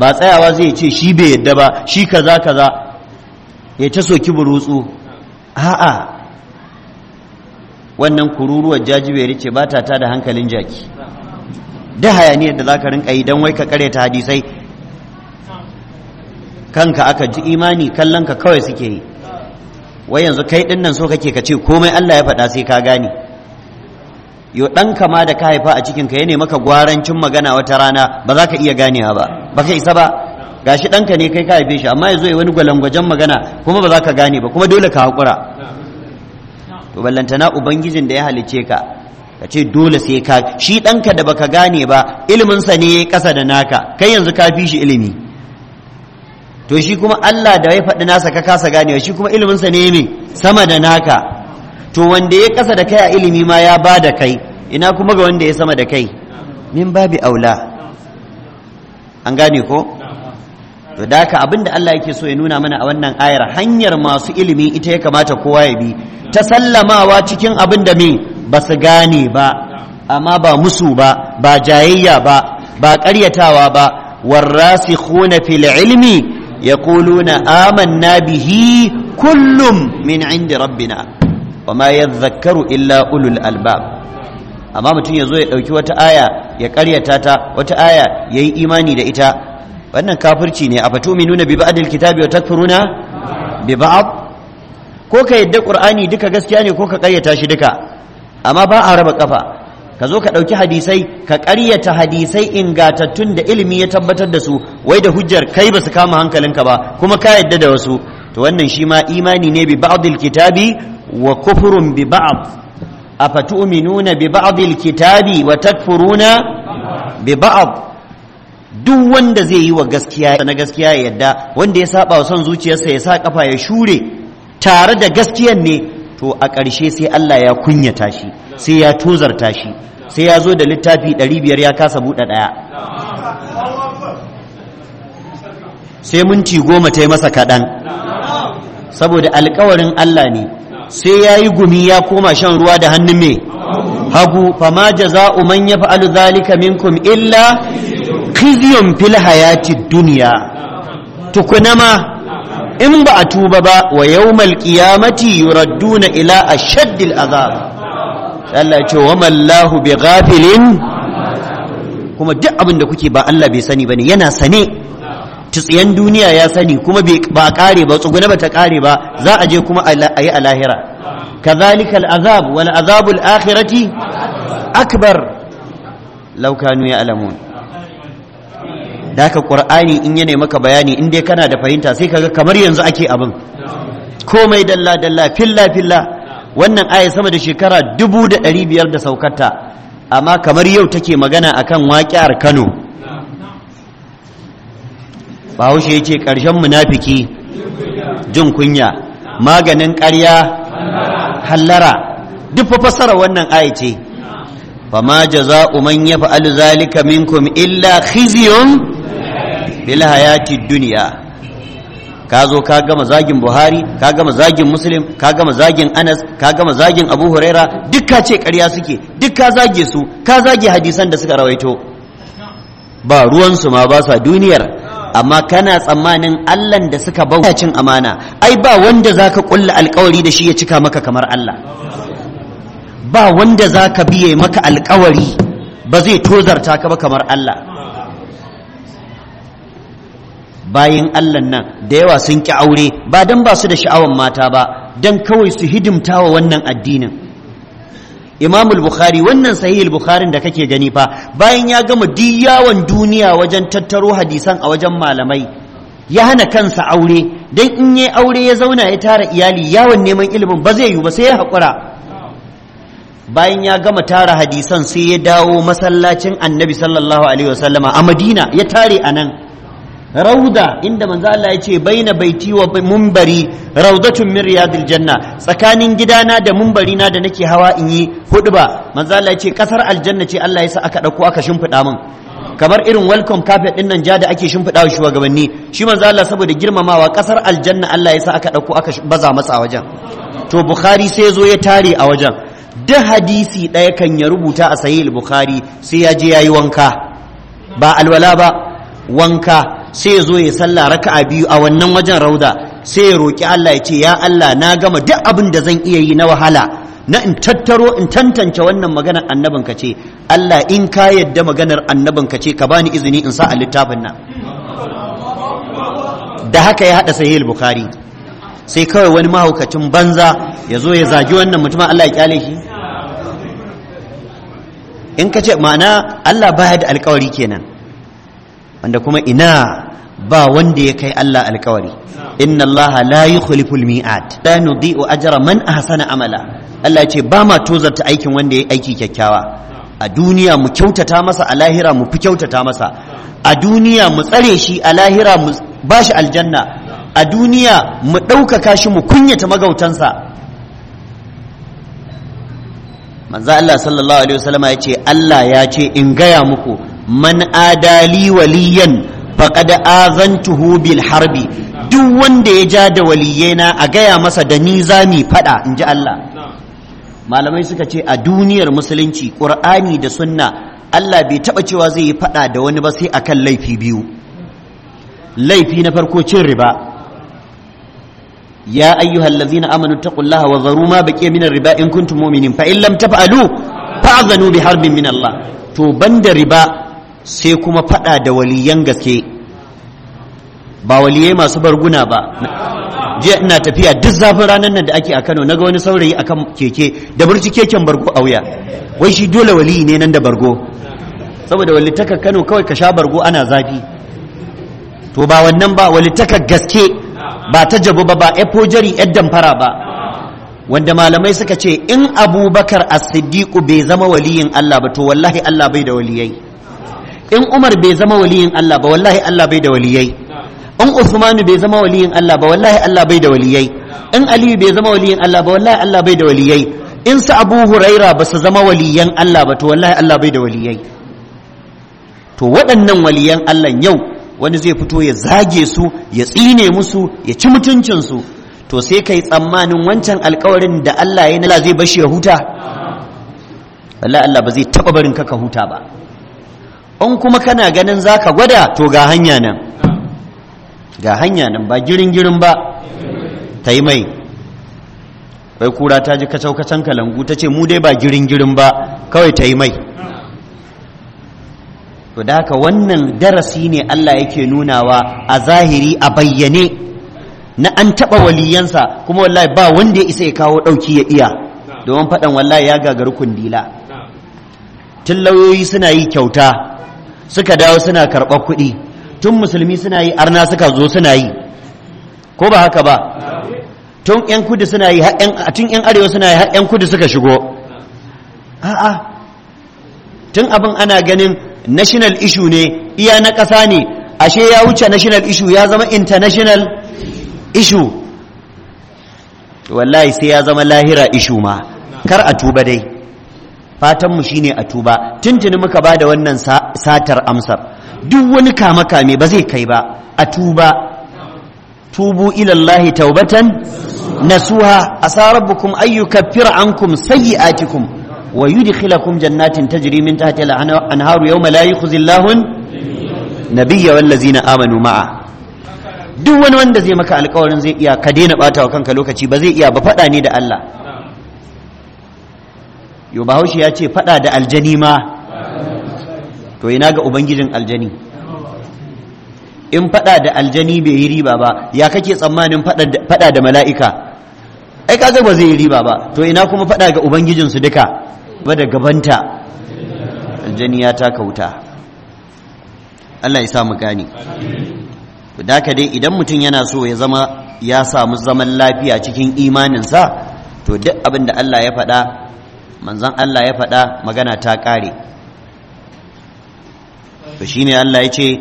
[SPEAKER 1] ba tsayawa zai ce shi bai yadda ba shi kaza kaza ya ta soki burutsu a'a wannan kururuwar jajibere ce ba ta da hankalin jaki da hayaniyar da za ka rinka yi don wai ka ta hadisai kanka aka ji imani kallon ka kawai suke yi wai yanzu kai din nan so kake ka ce komai Allah ya faɗa sai ka gane yo dan ma da ka haifa a cikin ka ya maka gwarancin magana wata rana ba za ka iya ganewa ba ba ka isa ba gashi ɗanka ne kai ka haife shi amma yanzu ya wani gwalangwajen magana kuma ba za ka gane ba kuma dole ka hakura to ballantana ubangijin da ya halicce ka ka ce dole sai ka shi ɗanka da baka gane ba sa ne ya ƙasa da naka kai yanzu ka fi shi ilimi to shi kuma Allah da ya faɗi nasa ka kasa ganewa shi kuma iliminsa ne me sama da naka to wanda ya kasa da kai a ilimi ma ya ba da kai ina kuma ga wanda ya sama da kai min babi aula an gane ko to da haka abin da Allah yake so ya nuna mana a wannan ayar hanyar masu ilimi ita ya kamata kowa ya bi ta sallamawa cikin abin da me ba su gane ba amma ba musu ba ba jayayya ba ba ƙaryatawa ba warrasikhuna fil ilmi yaquluna amanna bihi kullum min indi rabbina wama yadhakkaru illa ulul alba. amma mutum ya zo ya ɗauki wata aya ya karyata ta wata aya ya yi imani da ita wannan kafirci ne a fatu minuna bi ba'adil kitabi wa takfuruna ko ka yadda qur'ani duka gaskiya ne ko ka karyata shi duka amma ba a raba ƙafa. ka zo ka ɗauki hadisai ka ƙaryata hadisai ingatattun da ilimi ya tabbatar da su wai da hujjar kai ba su kama hankalinka ba kuma ka yadda da wasu to wannan shi ma imani ne bi ba'dil kitabi wa kufrun bi ba'd afatu'minuna bi ba'dil kitabi wa takfuruna bi ba'd duk wanda zai yi wa gaskiya na gaskiya ya yadda wanda ya saba wa son zuciyarsa ya sa kafa ya shure tare da gaskiyan ne to a ƙarshe sai Allah ya kunyata shi sai ya tozarta shi sai ya zo da littafi 500 ya kasa buɗe ɗaya sai minti goma ta yi masa kaɗan saboda alkawarin Allah ne sai ya yi gumi ya koma shan ruwa da hannun mai hagu fama jaza'u man ya fa'alu zalika minkum illa kiziyon fil hayati duniya Tukunama in ba a tuba ba wa yawmal qiyamati yuradduna ila ashaddil azab Allah ya ce wa mallahu bi ghafilin kuma duk abin da kuke ba Allah bai sani bane yana sane tsiyan duniya ya sani kuma ba kare ba tsuguna ba ta kare ba za a je kuma a yi a lahira kazalika al'azab wal azabul akhirati akbar law kanu ya'lamun da ka qur'ani in yana maka bayani in dai kana da fahimta sai kaga kamar yanzu ake abin komai dalla dalla filla filla wannan aya sama da shekara dubu da ɗari biyar da saukata amma kamar yau take magana a akan waƙiyar kano bahaushe ya ce ƙarshen munafiki jin kunya maganin ƙarya hallara duk fa fassara wannan aya ce fama jaza'u man yaf'alu zalika minkum illa khizyun bil hayati duniya. ka zo ka gama zagin buhari ka gama zagin muslim ka gama zagin anas ka gama zagin abu huraira duk ka ce ƙarya suke duk ka zage su ka zage hadisan da suka rawaito ba ruwansu ma ba sa duniyar amma kana tsammanin allan da suka bauta cin amana ai ba wanda za ka ƙulla alkawari da shi ya cika maka kamar allah ba wanda za ka biye maka alkawari ba zai tozarta ka ba kamar allah Bayan Allah nan da yawa sun ki aure ba dan ba su da sha'awar mata ba dan kawai su hidimta wa wannan addinin Imam al-Bukhari wannan sahih al-Bukhari da kake gani fa bayan ya gama diyawan duniya wajen tattaro hadisan a wajen malamai ya hana kansa aure dan in yi aure ya zauna ya tara iyali yawon neman ilimin ba zai yi ba sai ya hakura bayan ya gama tara hadisan sai ya dawo masallacin annabi sallallahu alaihi wasallama a madina ya tare a nan rauda inda manzo Allah ya ce baina baiti wa mumbari raudatun min riyadil janna tsakanin gidana da mumbari na da nake hawa in yi hudba manzo Allah ya ce kasar aljanna ce Allah ya sa aka dauko aka shimfida min kamar irin welcome carpet din nan ja da ake shimfida wa shugabanni shi manzo Allah saboda girmamawa kasar aljanna Allah ya sa aka dauko aka baza masa wajen to bukhari sai zo ya tare a wajen da hadisi ɗaya kan ya rubuta a sahih bukhari sai ya je yayi wanka ba alwala ba wanka sai zo ya sallah raka'a biyu a wannan wajen rauda sai ya roki Allah ya ce ya Allah na gama duk abin da zan iya yi na wahala na in tattaro in tantance wannan maganar annabin ka ce Allah in ka yadda maganar annabin ka ce ka bani izini in sa a littafin nan da haka ya hada sahih bukhari sai kawai wani mahaukacin banza ya zo ya zagi wannan mutumin Allah ya kyale shi in ka ce ma'ana Allah baya da alkawari kenan wanda kuma ina ba wanda ya kai Allah alkawari inna Allah la yukhlifu almi'ad la nudhi'u ajra man ahsana amala Allah ce ba ma tozarta aikin wanda ya aiki kyakkyawa a duniya mu kyautata masa a lahira mu fi kyautata masa a duniya mu tsare shi a lahira mu bashi aljanna a duniya mu ɗaukaka shi mu kunyata magautansa manzo Allah sallallahu alaihi wasallama ya ce Allah ya ce in gaya muku man adali waliyan faqad azantuhu bil harbi duk wanda ya ja da waliyena a gaya masa da ni zami fada in ji Allah malamai suka ce a duniyar musulunci ƙur'ani da sunna Allah bai taɓa cewa zai yi fada da wani ba sai akan laifi biyu laifi na farko cin riba يا أيها الذين آمنوا اتقوا الله وذروا ما بقي من الربا إن كنتم مؤمنين فإن لم تفعلوا فأذنوا بحرب من الله تو بند riba. sai kuma fada da waliyan gaske ba waliyai masu barguna ba jiya ina tafiya duk zafin ranar nan da ake a Kano naga wani saurayi akan keke da burci keken bargo a wuya wai shi dole waliyi ne nan da bargo saboda walitaka Kano kawai ka sha bargo ana zafi to ba wannan ba walitaka gaske ba ta jabu ba ba efo jari yar damfara ba wanda malamai suka ce in abubakar as-siddiq bai zama waliyin Allah ba to wallahi Allah bai da waliyai in Umar bai zama waliyin Allah ba wallahi Allah bai da waliyai in Usmanu bai zama waliyin Allah ba wallahi Allah bai da waliyai in Aliyu bai zama waliyin Allah ba wallahi Allah bai da waliyai in su Abu Huraira ba su zama waliyan Allah ba to wallahi Allah bai da waliyai to waɗannan waliyan Allah yau wani zai fito ya zage su ya tsine musu ya ci mutuncin su to sai kai tsammanin wancan alƙawarin da Allah ya nala zai bashi ya huta wallahi Allah ba zai taɓa barin kaka huta ba in kuma kana ganin za ka gwada to ga hanya nan ga hanya nan ba girin-girin ba ta yi mai wai kura ta ji kacau-kacan kalangu ta ce mu dai ba girin-girin ba kawai ta yi mai to da haka wannan darasi ne Allah yake nunawa a zahiri a bayyane na an taɓa waliyansa kuma wallahi ba wanda ya isa ya kawo ɗauki ya iya domin faɗan wallahi ya gagari kundila tun lauyoyi suna yi kyauta suka dawo suna karɓar kuɗi tun musulmi suna yi arna suka zo suna yi ko ba haka ba tun yan kudu suna yi tun yan arewa suna yi har yan kudu suka shigo a'a tun abin ana ganin national issue ne iya na ƙasa ne ashe ya wuce national issue ya zama international issue wallahi sai ya zama lahira issue ma kar a tuba dai fatanmu shine a tuba tuntuni muka ba da wannan satar amsar duk wani kama kame ba zai kai ba a tuba tubu ilallahi taubatan nasuha asa rabbukum an yukaffira ankum sayyi'atikum wa yudkhilakum jannatin tajri min tahtiha al-anharu yawma la yukhzi Allahu nabiyya wal ladzina amanu ma'a duk wani wanda zai maka alƙawarin zai iya ka daina bata wa kanka lokaci ba zai iya ba faɗa ne da Allah yo bahaushe ya ce faɗa da aljani ma to ina ga ubangijin aljani in faɗa da aljani bai yi riba ba ya kake tsammanin faɗa da mala'ika ai kaga ba zai yi riba ba to ina kuma faɗa ga ubangijinsu duka ba da gabanta aljani ya taka wuta Allah ya sa mu gane to da ka dai idan mutum yana so ya zama ya samu zaman lafiya cikin imaninsa to duk abin da Allah ya faɗa manzon Allah ya faɗa magana ta ƙare to ne Allah ya ce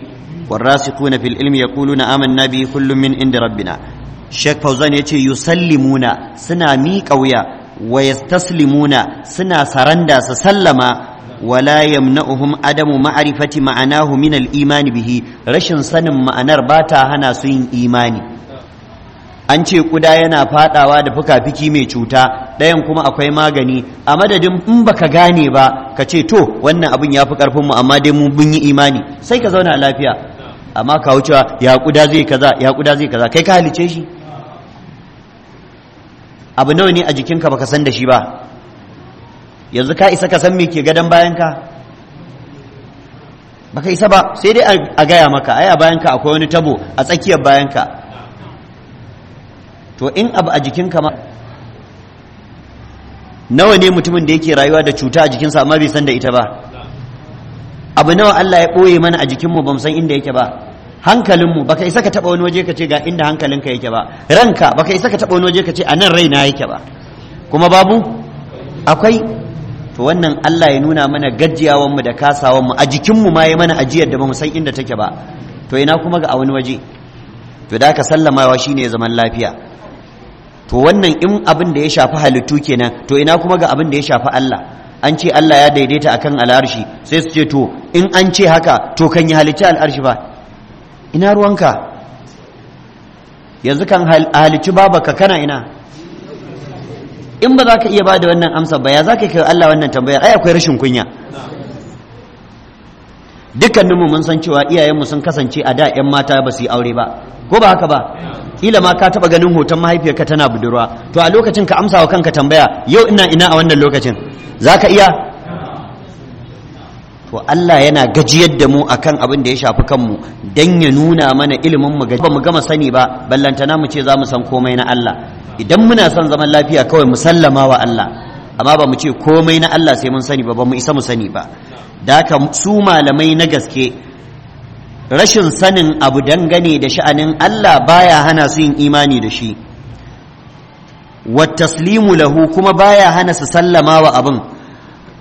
[SPEAKER 1] warrasikuna fil ilmi yaquluna na biyu kullum min inda rabbina shek Fauzan ya ce yusallimuna suna miƙa wuya wa yastaslimuna suna saranda su sallama Adamu يمنعهم ma'ana معرفة معناه imani bihi rashin sanin ma'anar bata hana su yin imani. an ce kuda yana fadawa da fuka-fiki mai cuta ɗayan kuma akwai magani a madadin in baka gane ba ka ce to wannan abin ya fi karfin mu amma dai mu mun yi imani sai ka zauna lafiya amma ka wucewa ya kuda zai kaza ya kuda zai kaza kai ka halice shi abu nawa ne a jikinka baka san da shi ba yanzu ka isa ka san me ke gadon bayanka baka isa ba sai dai a gaya maka ai a bayanka akwai wani tabo a tsakiyar bayanka to in abu a jikinka ma nawa ne mutumin da yake rayuwa da cuta a jikinsa amma bai san da ita ba abu nawa Allah ya ɓoye mana a jikinmu ba mu san inda yake ba hankalinmu baka isa ka taɓa wani waje ka ce ga inda hankalinka yake ba ranka baka isa ka taɓa wani waje ka ce a nan raina yake ba kuma babu akwai to wannan Allah ya nuna mana gajiyawanmu da kasawanmu a jikinmu ma ya mana ajiyar da ba mu san inda take ba to ina kuma ga a wani waje to da ka wa shine zaman lafiya to wannan in abin da ya shafi halittu kenan to ina kuma ga abin da ya shafi Allah an ce Allah ya daidaita akan al'arshi sai su ce to in an ce haka to kan yi halitta al'arshi ba ina ruwanka yanzu kan halicci babaka kana ina in ba za ka iya ba da wannan amsa ba ya za ka kai Allah wannan tambayar ai akwai rashin kunya dukkaninmu mun san cewa iyayenmu sun kasance a da 'yan mata ba su yi aure ba ko ba haka ba kila ma ka taba ganin hoton mahaifiyarka tana budurwa to a lokacin ka amsa wa kanka tambaya yau ina ina a wannan lokacin zaka iya to Allah yana gajiyar da mu akan abin da ya shafi kanmu dan ya nuna mana ilimin mu ba mu gama sani ba ballantana mu ce za mu san komai na Allah idan muna son zaman lafiya kawai mu sallama wa Allah amma ba mu ce komai na Allah sai mun sani ba ba mu isa mu sani ba da haka su malamai na gaske rashin sanin abu dangane da sha'anin Allah baya hana su yin imani da shi wa taslimu lahu kuma baya hana su sallama wa abin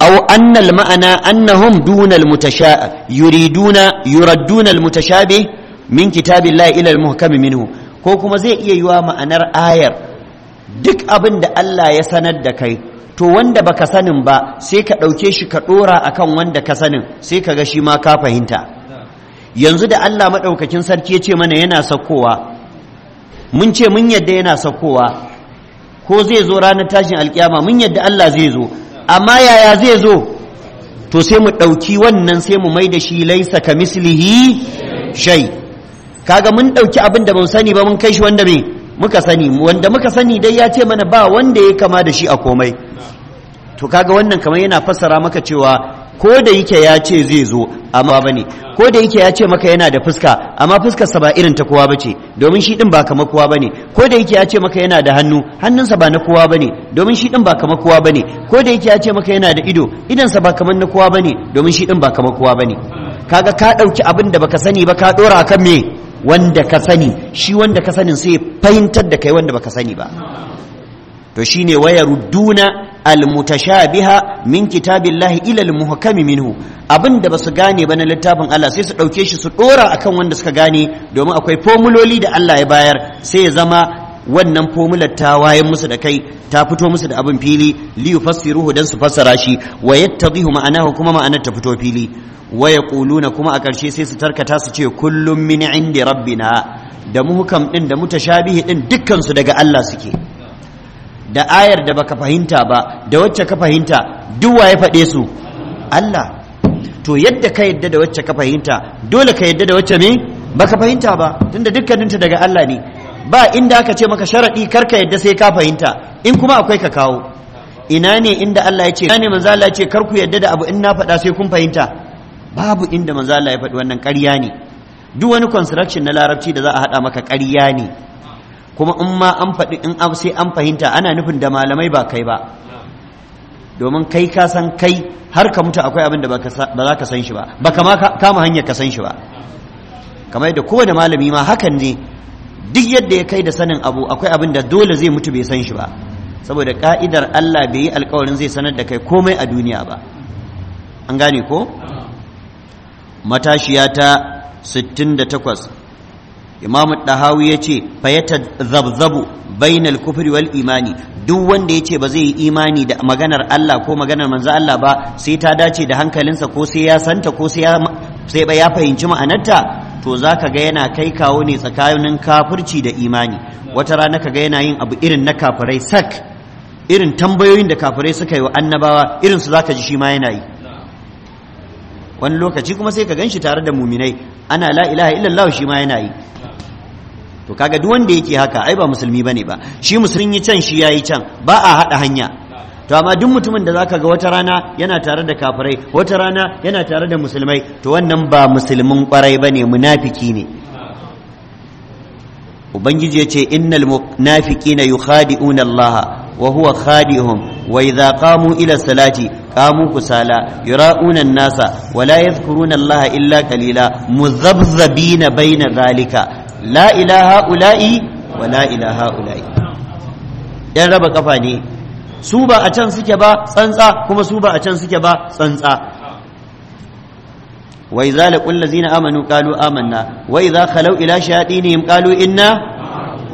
[SPEAKER 1] aw anna al ma'ana annahum duna al mutasha yuriduna yuradduna al mutashabih min kitabillahi ila al muhkam minhu ko kuma zai iya yiwa ma'anar ayar duk abin da Allah ya sanar da kai to wanda baka sanin ba sai ka ɗauke shi ka ɗora akan wanda ka sanin sai ka ga shi ma ka fahimta yanzu da Allah maɗaukakin sarki ya ce mana yana saukowa mun ce mun yadda yana saukowa ko zai zo ranar tashin alkiyama mun yadda Allah zai zo amma yaya zai zo to sai mu ɗauki wannan sai mu mai da shi laisa ka mislihi shai kaga mun ɗauki abin da ban sani ba mun kai shi wanda me muka sani wanda muka sani dai ya ce mana ba wanda ya kama da shi a komai to kaga wannan kamar yana fassara maka cewa ko da yake ya ce zai zo amma ba ne ko da yake ya ce maka yana da fuska amma sa ba irin ta kowa ba ce domin shi ɗin ba kama kowa ba ne ko da yake ya ce maka yana da hannu hannun sa ba na kowa ba ne domin shi ɗin ba kama kowa ba ne ko da yake ya ce maka yana da ido sa ba kamar na kowa ba ne domin shi ɗin ba kama kowa ba ne kaga ka ɗauki abin da baka sani ba ka ɗora kan me wanda ka sani shi wanda ka sanin sai fahimtar da kai wanda baka sani ba to shine waya duna. almutashabiha min kitabillahi ila almuhkami minhu abinda basu gane ba na littafin Allah sai su dauke shi su dora akan wanda suka gane domin akwai formuloli da Allah ya bayar sai ya zama wannan fomular ta wayan musu da kai ta fito musu da abin fili li yufassiruhu dan su fassara shi wa yattadhihu ma'anahu kuma ma'anar ta fito fili wa yaquluna kuma a karshe sai su tarkata su ce kullum min indi rabbina da muhkam din da mutashabihi din dukkan su daga Allah suke da ayar da baka fahimta ba da wacce ka fahimta duk waye faɗe su Allah to yadda ka yadda da wacce ka fahimta dole ka yadda da wacce me baka fahimta ba tunda dukkaninta daga Allah ne ba inda aka ce maka sharadi karka yadda sai ka fahimta in kuma akwai ka kawo ina ne inda Allah ya ce ina ne manzo Allah ya ce kar ku yadda da abu in na faɗa sai kun fahimta babu inda manzo Allah ya faɗi wannan ƙarya ne duk wani construction na larabci da za a haɗa maka ƙarya ne kuma in ma an faɗi in an sai an fahimta ana nufin da malamai ba kai ba domin kai ka san kai har ka mutu akwai abin da ba za ka san shi ba ba kama kama hanyar ka san shi ba kamar yadda kowane malami ma hakan ne duk yadda ya kai da sanin abu akwai abin da dole zai mutu bai san shi ba saboda ka'idar Allah bai yi alkawarin zai sanar da kai komai a duniya ba an gane ko matashiya ta 68 imamu dahawi ya ce fayata zabzabu bainal kufri wal imani duk wanda ya ce ba zai yi imani da maganar Allah ko maganar manzo Allah ba sai ta dace da hankalinsa ko sai ya santa ko sai ya sai ba ya fahimci ma'anarta to za ka ga yana kai kawo ne tsakanin kafirci da imani wata rana ka ga yana yin abu irin na kafirai sak irin tambayoyin da kafirai suka yi wa annabawa irin su za ka ji shi ma yana yi wani lokaci kuma sai ka gan shi tare da muminai ana la ilaha illallah shi ma yana yi to kaga duk wanda yake haka ai ba musulmi bane ba shi musulmi yi can shi yayi can ba a hada hanya to amma duk mutumin da zaka ga wata rana yana tare da kafirai wata rana yana tare da musulmai to wannan ba musulmin kwarai bane munafiki ne ubangiji ya ce innal munafiqina yukhadi'una Allah wa huwa khadi'uhum wa idza qamu ila salati qamu kusala yura'una an-nasa wa la yadhkuruna Allah illa qalila muzabzabina bayna zalika la ilaha ula'i wa la ilaha ula'i yan raba ƙafa ne su ba a can suke ba tsantsa kuma su ba a can suke ba tsantsa Wai za idza laqul ladzina amanu qalu amanna Wai za khalau ila shayatinihim qalu inna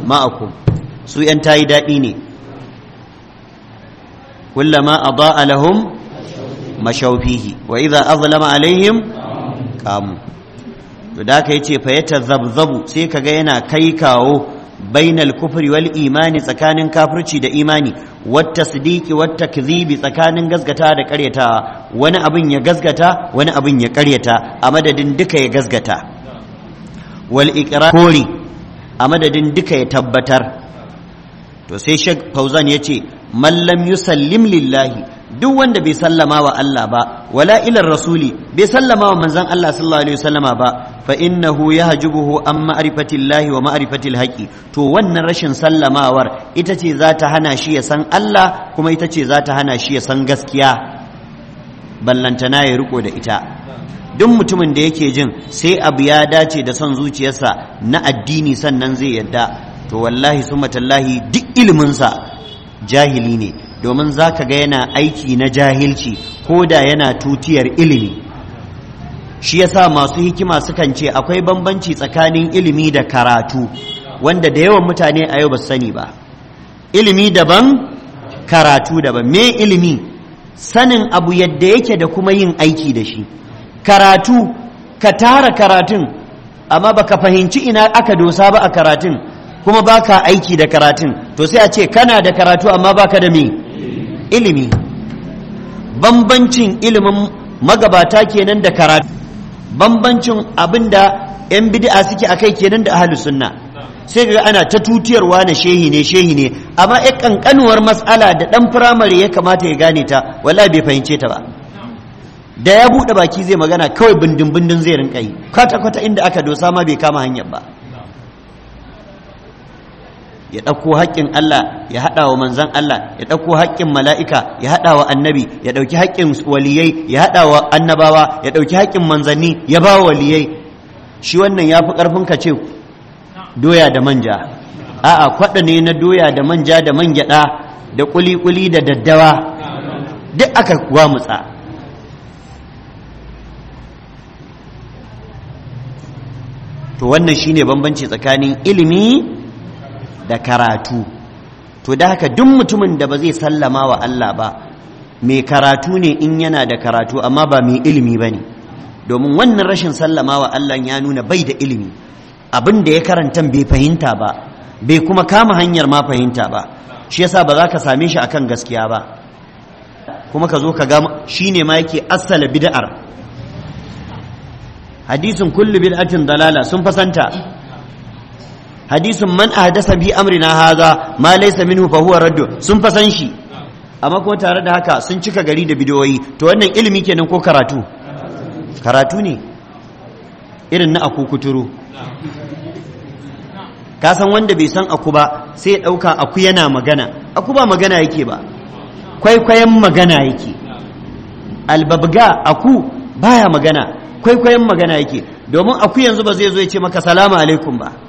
[SPEAKER 1] ma'akum su yan yi daɗi ne kullama adaa lahum mashaw fihi wa idza azlama alaihim qamu to da aka yace fa zabzabu sai kaga yana kai kawo bainal kufri wal imani tsakanin kafirci da imani wata tasdiqi wata kizibi tsakanin gazgata da ƙaryata wani abin ya gazgata wani abin ya ƙaryata a madadin duka ya gazgata wal kori a madadin duka ya tabbatar to sai shek Fauzan yace Mallam mallam yusallim lillahi duk wanda bai sallama wa Allah ba wala ilar rasuli bai sallama wa manzon Allah sallallahu alaihi wasallama ba fa innahu yahjubuhu an ma'rifati wa ma'rifati al to wannan rashin sallamawar ita ce za ta hana shi ya san Allah kuma ita ce za ta hana shi ya san gaskiya ballantana ya riko da ita duk mutumin da yake jin sai abu ya dace da son zuciyarsa na addini sannan zai yadda to wallahi sumatallahi duk duk iliminsa jahili ne domin za ka ga yana aiki na jahilci ko da yana tutiyar ilimi shi yasa masu hikima sukan ce akwai bambanci tsakanin ilimi da karatu wanda da yawan mutane a yau ba sani ba ilimi daban karatu daban me ilimi sanin abu yadda yake da kuma yin aiki da shi karatu ka tara karatun amma baka fahimci ina aka dosa ba a karatun kuma baka aiki da karatun to sai a ce kana da karatu amma baka da me ilimi bambancin ilimin magabata kenan da karatu bambancin abinda yan bid'a suke akai kenan da ahlus sunna sai ga ana ta tutiyarwa na shehi ne shehi ne amma ya kankanuwar matsala da dan firamare ya kamata ya gane ta wallahi bai fahimce ta ba da ya buɗe baki zai magana kawai bindin bindin zai rinka yi kwata kwata inda aka dosa ma bai kama hanyar ba ya ɗauko haƙƙin Allah ya haɗa wa manzan Allah ya ɗauko haƙƙin mala'ika ya haɗa wa annabi ya ɗauki haƙƙin waliyai ya haɗa wa annabawa ya ɗauki haƙƙin manzanni ya ba wa waliyai shi wannan ya fi ƙarfin ka ce doya da manja a'a kwaɗa ne na doya da manja da man gyaɗa da ƙuli-ƙuli da daddawa duk aka gwamutsa to wannan shine bambanci tsakanin ilimi da karatu to da haka duk mutumin da ba zai sallama wa Allah ba mai karatu ne in yana da karatu amma ba mai ilimi ba ne domin wannan rashin sallama wa Allah ya nuna bai da ilimi abin da ya karanta bai fahimta ba bai kuma kama hanyar ma fahimta ba shi yasa ba za ka same shi akan gaskiya ba kuma ka zo ka ga shi ne ma yake asala bid'ar hadisin kullu bid'atin dalala sun fasanta hadisun man ahdasa bi amrina haza ma laysa minhu fa huwa radd sun fa san shi amma kuma tare da haka sun cika gari da bidiyoyi to wannan ilimi kenan ko karatu karatu ne irin na aku kuturu ka san wanda bai san aku ba sai ya aku yana magana aku ba magana yake ba kwaikwayon magana yake albabga aku baya magana kwaikwayon magana yake domin aku yanzu ba zai zo ya ce maka salamu alaikum ba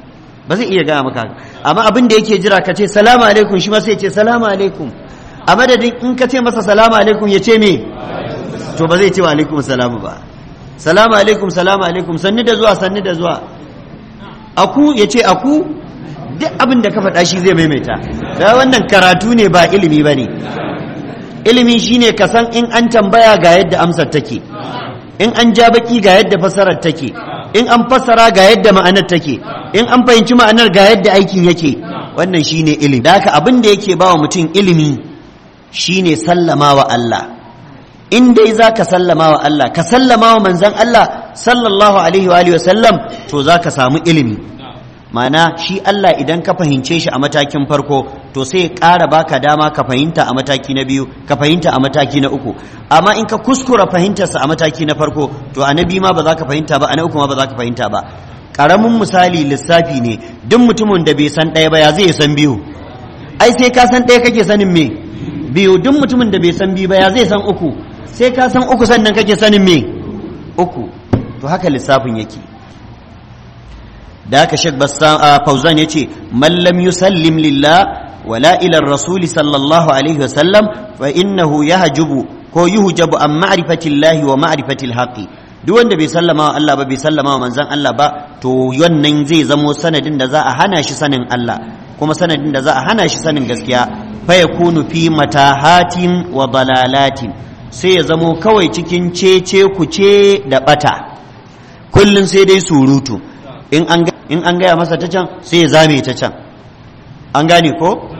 [SPEAKER 1] ba zai iya gaya maka amma abin da yake jira ka ce salamu alaikum shi ma sai ce salamu alaikum a madadin in ka ce masa salamu alaikum ya ce me to ba zai ce wa alaikum salamu ba salamu alaikum salamu alaikum sannu da zuwa sannu da zuwa aku ya ce aku duk abin da ka faɗa shi zai maimaita da wannan karatu ne ba ilimi ba ne ilimi shi ka san in an tambaya ga yadda amsar take in an ja baki ga yadda fassarar take in an fassara ga yadda ma'anar take in an fahimci ma'anar ga yadda aikin yake wannan shine ilimi da haka abin da yake bawa mutum ilimi shine sallama wa Allah in dai za ka sallama wa Allah ka sallama wa manzan Allah sallallahu alaihi wa alihi sallam to za ka samu ilimi ma'ana shi Allah idan ka fahimce shi a matakin farko to sai ya ƙara baka dama ka fahimta a mataki na biyu ka fahimta a mataki na uku amma in ka kuskura fahimtarsa a mataki na farko to a na biyu ma ba za ka fahimta ba a na uku ma ba za ka fahimta ba ƙaramin misali lissafi ne duk mutumin da bai san ɗaya ba ya zai san biyu ai sai ka san ɗaya kake sanin me biyu duk mutumin da bai san biyu ba ya zai san uku sai ka san uku sannan kake sanin me uku to haka lissafin yake da haka shek ah, fauzan ya ce mallam yusallim lillah wala ila rasuli sallallahu alaihi fa innahu yahjubu ko yuhjabu an ma'rifatillahi wa ma'rifatil haqqi duk wanda bai sallama wa Allah ba bai sallama wa manzon Allah ba to wannan zai zamo sanadin da za a hana shi sanin Allah kuma sanadin da za a hana shi sanin gaskiya fa yakunu fi matahatin wa dalalatin sai ya zamo kawai cikin cece kuce da bata kullun sai dai surutu in an gaya masa ta can sai ya zame ta can an gane ko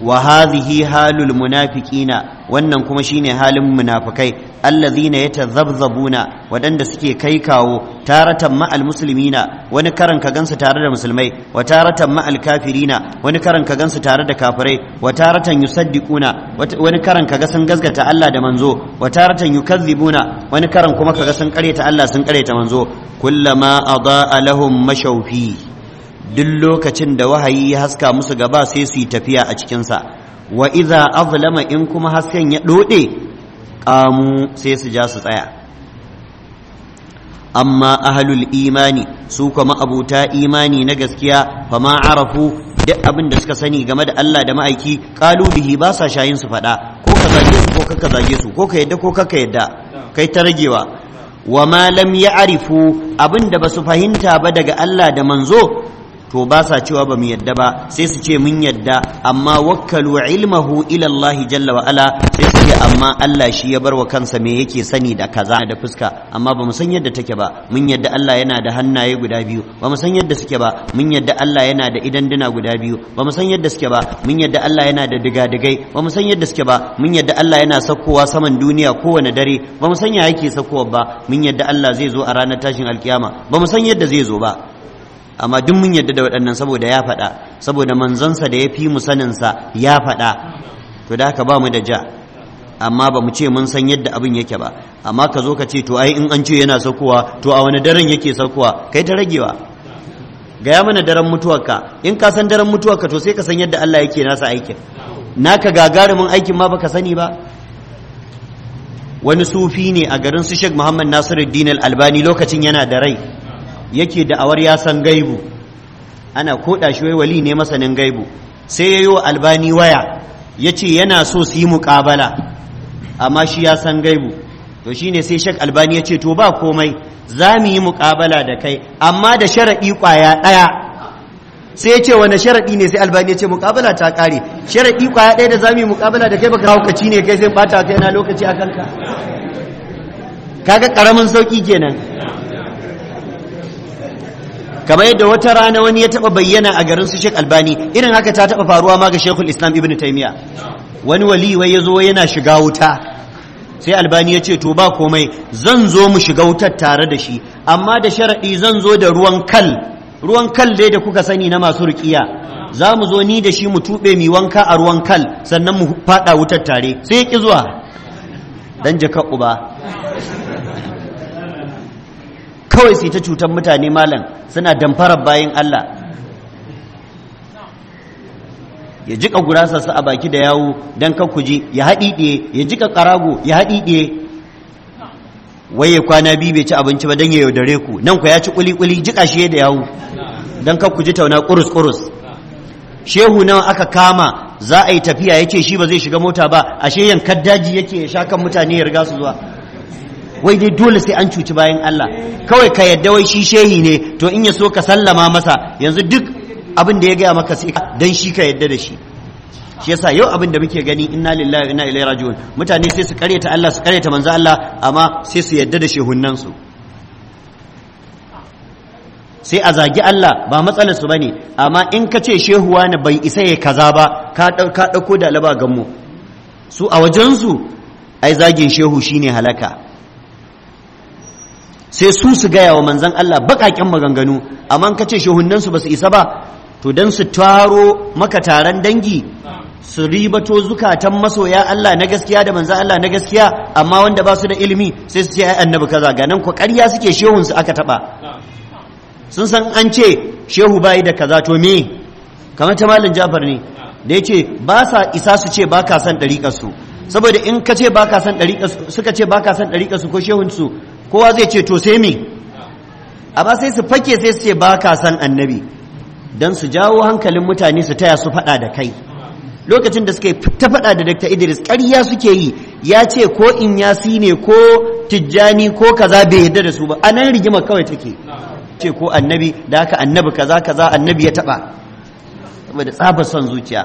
[SPEAKER 1] wa hadhihi halul munafiqina wannan kuma shine halin munafikai allazina yatazabzabuna wadanda suke kai kawo taratan ma'al muslimina wani karan ka gansu tare da musulmai wa taratan ma'al kafirina wani karan ka gansu tare da kafirai wa taratan yusaddiquna wani karan ka ga sun gazgata Allah da manzo wa taratan yukazzibuna wani karan kuma ka ga sun kareta Allah sun kareta manzo kullama adaa lahum mashawfi duk lokacin da wahayi ya haska musu gaba sai su yi tafiya a cikinsa wa iza azlama in kuma hasken ya ɗoɗe ƙamu sai su ja su tsaya amma ahlul imani su kuma abuta imani na gaskiya fa ma arafu duk abin da suka sani game da Allah da ma'aiki kalu bihi ba sa shayin su faɗa ko ka zage su ko ka zage su ko ka yadda ko ka yadda kai ta ragewa wa ma lam ya'rifu abin da su fahimta ba daga Allah da manzo to ba sa cewa ba mu yadda ba sai su ce mun yadda amma wakkalu ilmahu ila Allah jalla wa ala sai su ce amma Allah shi ya bar wa kansa me yake sani da kaza da fuska amma ba mu san yadda take ba mun yadda Allah yana da hannaye guda biyu ba mu san yadda suke ba mun yadda Allah yana da idanduna guda biyu ba mu san yadda suke ba mun yadda Allah yana da digadigai ba mu san yadda suke ba mun yadda Allah yana sakkowa saman duniya kowane dare ba mu san ya yake sakkowa ba mun yadda Allah zai zo a ranar tashin alkiyama ba mu san yadda zai zo ba amma duk mun yadda da waɗannan saboda ya faɗa saboda manzansa da ya fi mu saninsa ya faɗa to da haka ba mu da ja amma ba mu ce mun san yadda abin yake ba amma ka zo ka ce to ai in an ce yana saukowa to a wani daren yake saukowa kai ta ragewa gaya mana daren mutuwarka in ka san daren mutuwarka to sai ka san yadda Allah yake nasa aikin naka gagarumin aikin ma baka sani ba wani sufi ne a garin su Sheikh Muhammad Nasiruddin Al-Albani lokacin yana da rai yake da'awar ya san gaibu ana koda shi wai wali ne masanin gaibu sai ya yi wa albani waya ya ce yana so su yi muƙabala amma shi ya san gaibu to shi ne sai shek albani ya ce to ba komai za mu yi muƙabala da kai amma da sharaɗi ƙwaya ɗaya sai ce wani sharaɗi ne sai albani ya ce muƙabala ta ƙare sharaɗi ƙwaya ɗaya da za mu yi muƙabala da kai ba haukaci ne kai sai ɓata kai na lokaci a kanka kaga ƙaramin sauƙi kenan kamar yadda wata rana wani ya taba bayyana a garin su Sheikh Albani irin haka ta taba faruwa ma ga Sheikhul Islam Ibn Taymiyyah wani wali wai yazo yana shiga wuta sai Albani ya ce to ba komai zan zo mu shiga wutar tare da shi amma da sharadi zan zo da ruwan kal ruwan kal dai da kuka sani na masu ruqiya za mu zo ni da shi mu tube mi wanka a ruwan kal sannan mu fada wutar tare sai ya ki zuwa dan jaka uba kawai su yi ta cutar mutane malam suna damfarar bayan Allah ya jika su a baki da yawo don kakkuji ya haɗi ɗaya, ya jika ƙarago ya haɗi haɗiɗiye waye kwana biyu bai ci abinci ba don ya yaudare ku nan ku ya ci kuli-kuli jika shi da yawo don kakkuji tauna ƙurus-ƙurus. shehu nawa aka kama za a yi tafiya ya ce shi ba zai shiga mota ba ashe yankar daji yake ya sha kan mutane ya riga su zuwa wai dai dole sai an cuci bayan Allah kawai ka yadda wai shi shehi ne to in ya so ka sallama masa yanzu duk abin da ya gaya maka sai dan shi ka yadda da shi shi yasa yau abin da muke gani inna lillahi inna ilaihi raji'un mutane sai su karyata Allah su karyata manzo Allah amma sai su yadda da shehunnan su sai a zagi Allah ba matsalar su bane amma in ka ce shehuwa na bai isa ya kaza ba ka dauko da alaba ganmu su a wajen su ai zagin shehu shine halaka sai su su gaya wa manzan Allah baƙaƙen maganganu amma ka ce shehunansu ba su isa ba to don su taro maka taron dangi su ribato zukatan masoya Allah na gaskiya da manzan Allah na gaskiya amma wanda ba su da ilimi sai su ce ai annabi kaza ga nan ku ƙarya suke shehunsu aka taɓa sun san an ce shehu bayi da kaza to me kamar ta malin Jafar ne da ya ce ba sa isa su ce ba ka san ɗariƙarsu saboda in ka suka ce ba ka san ɗariƙarsu ko shehunsu kowa zai ce to sai me amma sai su fake sai su ce ba ka san annabi don su jawo hankalin mutane su taya su faɗa da kai lokacin da suka ta faɗa da Dr. Idris ƙarya suke yi ya ce ko in ya ne ko tijjani ko kaza bai yarda da su ba anan rigima kawai take ce ko annabi da haka annabi kaza kaza annabi ya taɓa saboda tsabar son zuciya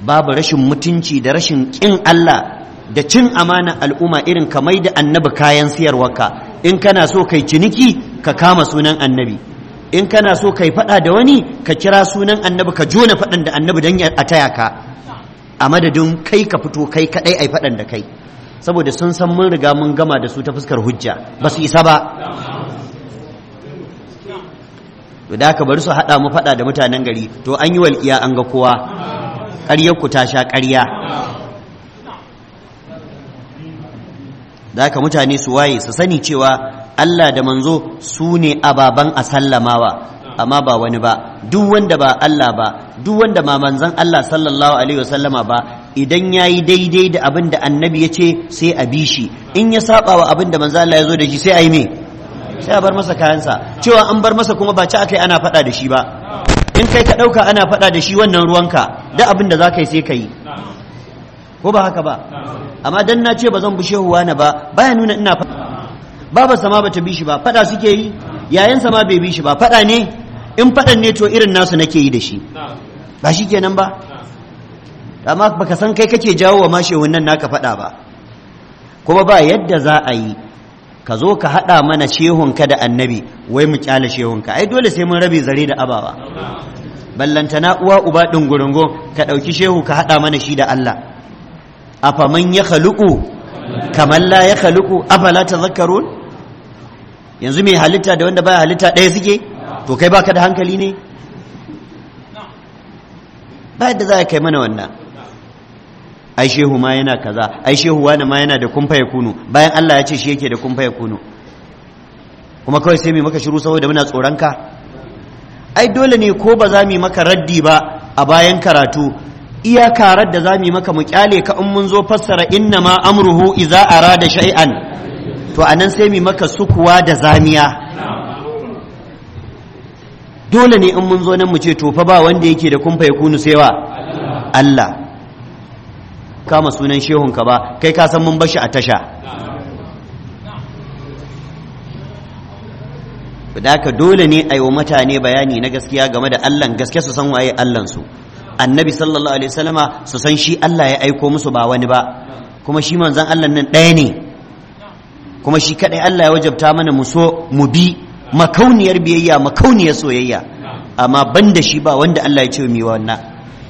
[SPEAKER 1] babu rashin mutunci da rashin ƙin Allah da cin amana al'umma irin ka mai da annabi kayan siyarwarka in kana so kai ciniki ka kama sunan annabi in kana so kai faɗa da wani ka kira sunan annabi ka jona faɗan da annabi dan a taya ka a madadin kai ka fito kai kaɗai ai faɗan da kai saboda sun san mun riga mun gama da su ta fuskar hujja ba su isa ba to da ka bar su haɗa mu faɗa da mutanen gari to an yi walƙiya an ga kowa ƙaryar ku ta sha ƙarya da haka mutane su waye su sani cewa Allah da manzo su ne ababan a sallamawa amma ba wani ba duk wanda ba Allah ba duk wanda ma manzon Allah sallallahu alaihi wasallama ba idan yayi daidai da abin annabi ya ce sai a bi shi in ya saba wa abin da manzon Allah ya zo da shi sai a yi me sai a bar masa kayansa cewa an bar masa kuma ba ci akai ana faɗa da shi ba in kai ka ɗauka ana faɗa da shi wannan ruwanka da abin da za ka yi sai ka yi ko ba haka ba amma dan na ce ba zan bi shehu na ba baya nuna ina faɗa baba sama bata bi shi ba faɗa suke yi yayan sama bai bi shi ba faɗa ne in faɗan ne to irin nasu nake yi da shi ba shi kenan ba amma baka san kai kake jawo wa mashe wannan naka faɗa ba kuma ba yadda za a yi ka zo ka haɗa mana shehunka da annabi wai mu kyale shehunka ai dole sai mun rabe zare da ababa ballantana uwa uba ɗin gurungun ka ɗauki shehu ka haɗa mana shi da Allah afaman ya khaluqu kamar la ya khaluqu afala tadhakkarun yanzu mai halitta da wanda baya halitta ɗaya suke to kai baka da hankali ne ba yadda za a kai mana wannan ai shehu ma yana kaza ai shehu wani ma yana da kumfa ya kunu bayan Allah ya ce shi yake da kumfa ya kunu kuma kawai sai mai maka shiru saboda muna tsoron ka ai dole ne ko ba za mu maka raddi ba a bayan karatu iya karar da zamu yi maka mu kyale ka in mun zo fassara inna ma amruhu idza arada shay'an to anan sai mu maka sukuwa da zamiya dole ne in mun zo nan mu ce to fa ba wanda yake da kumfa ya kunu wa Allah kama sunan ka ba kai ka san mun bashi a tasha da dole ne a yi wa mutane bayani na gaskiya game da allan gaske su san waye su. annabi sallallahu alaihi wasallama su san shi Allah ya aiko musu ba wani ba kuma shi manzon Allah nan ɗaya ne kuma shi kadai Allah ya wajabta mana mu so mu bi makauniyar biyayya makauniyar soyayya amma banda shi ba wanda Allah ya ce mu wannan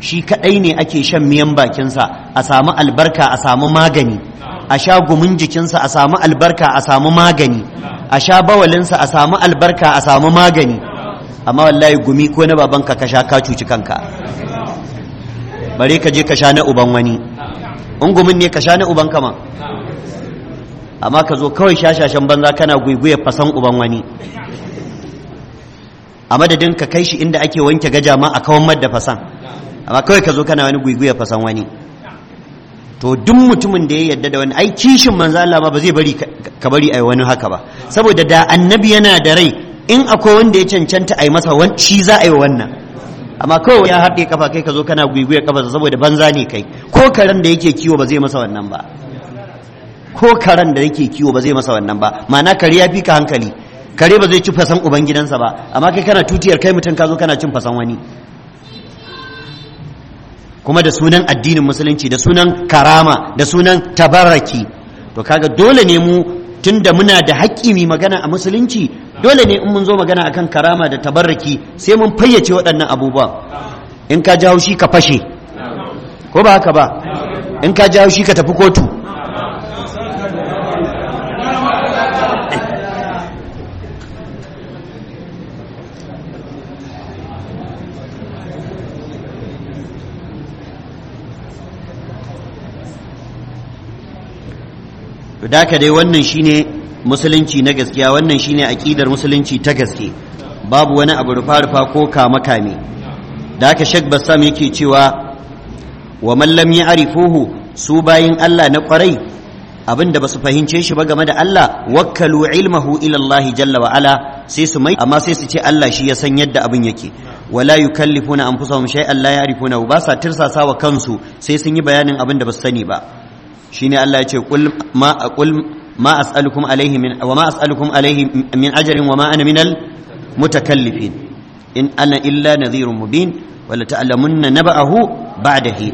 [SPEAKER 1] shi kadai ne ake shan miyan bakinsa a samu albarka a samu magani a sha gumin jikinsa a samu albarka a samu magani a sha bawalinsa a samu albarka a samu magani amma wallahi gumi ko na babanka ka sha ka cuci kanka bare ka je ka sha na uban wani ungumin ne ka sha na uban kama amma ka zo kawai shashashen banza kana guiguye fasan uban wani a madadin ka kai shi inda ake wanke gaja ma a kawan madda fasan amma kawai ka zo kana wani guiguye fasan wani to duk mutumin da ya yadda da wani ai kishin manzo Allah ba zai bari ka bari ai wani haka ba saboda da annabi yana da rai in akwai wanda ya cancanta ai masa shi za a yi wannan amma kawai ya haɗe kafa kai ka zo kana gwigwiya kafa saboda banza ne kai ko karen da yake kiwo ba zai masa wannan ba ko karen da yake kiwo ba zai masa wannan ba ma'ana kare ya fi ka hankali kare ba zai ci fasan ubangidansa ba amma kai kana tutiyar kai mutum ka zo kana cin fasan wani kuma da sunan addinin musulunci da sunan karama da sunan tabaraki to kaga dole ne mu tunda muna da haƙƙi mai magana a musulunci dole ne in mun zo magana akan karama da tabarraki sai mun fayyace waɗannan abubuwa in ka ji haushi ka fashe ko ba haka ba in ka ji haushi ka tafi kotu da ka dai wannan shine musulunci na gaskiya wannan shine aqidar musulunci ta gaske babu wani abu rufa rufa ko kama kame da haka shek Bassam yake cewa wa man lam ya'rifuhu su bayin Allah na kwarai abinda basu fahimce shi ba game da Allah wakkalu ilmahu ila Allah jalla wa ala sai su mai amma sai su ce Allah shi ya san yadda abin yake wala yukallifuna anfusahum shay'an la ya'rifuna ba sa tirsasa wa kansu sai sun yi bayanin abinda da basu sani ba shine Allah ya ce qul ma aqul ma as'alukum alaihi wa ma as'alukum alaihi min ajrin wa ma ana in ana illa nadhirun mubin wala ta'lamunna naba'ahu ba'da hin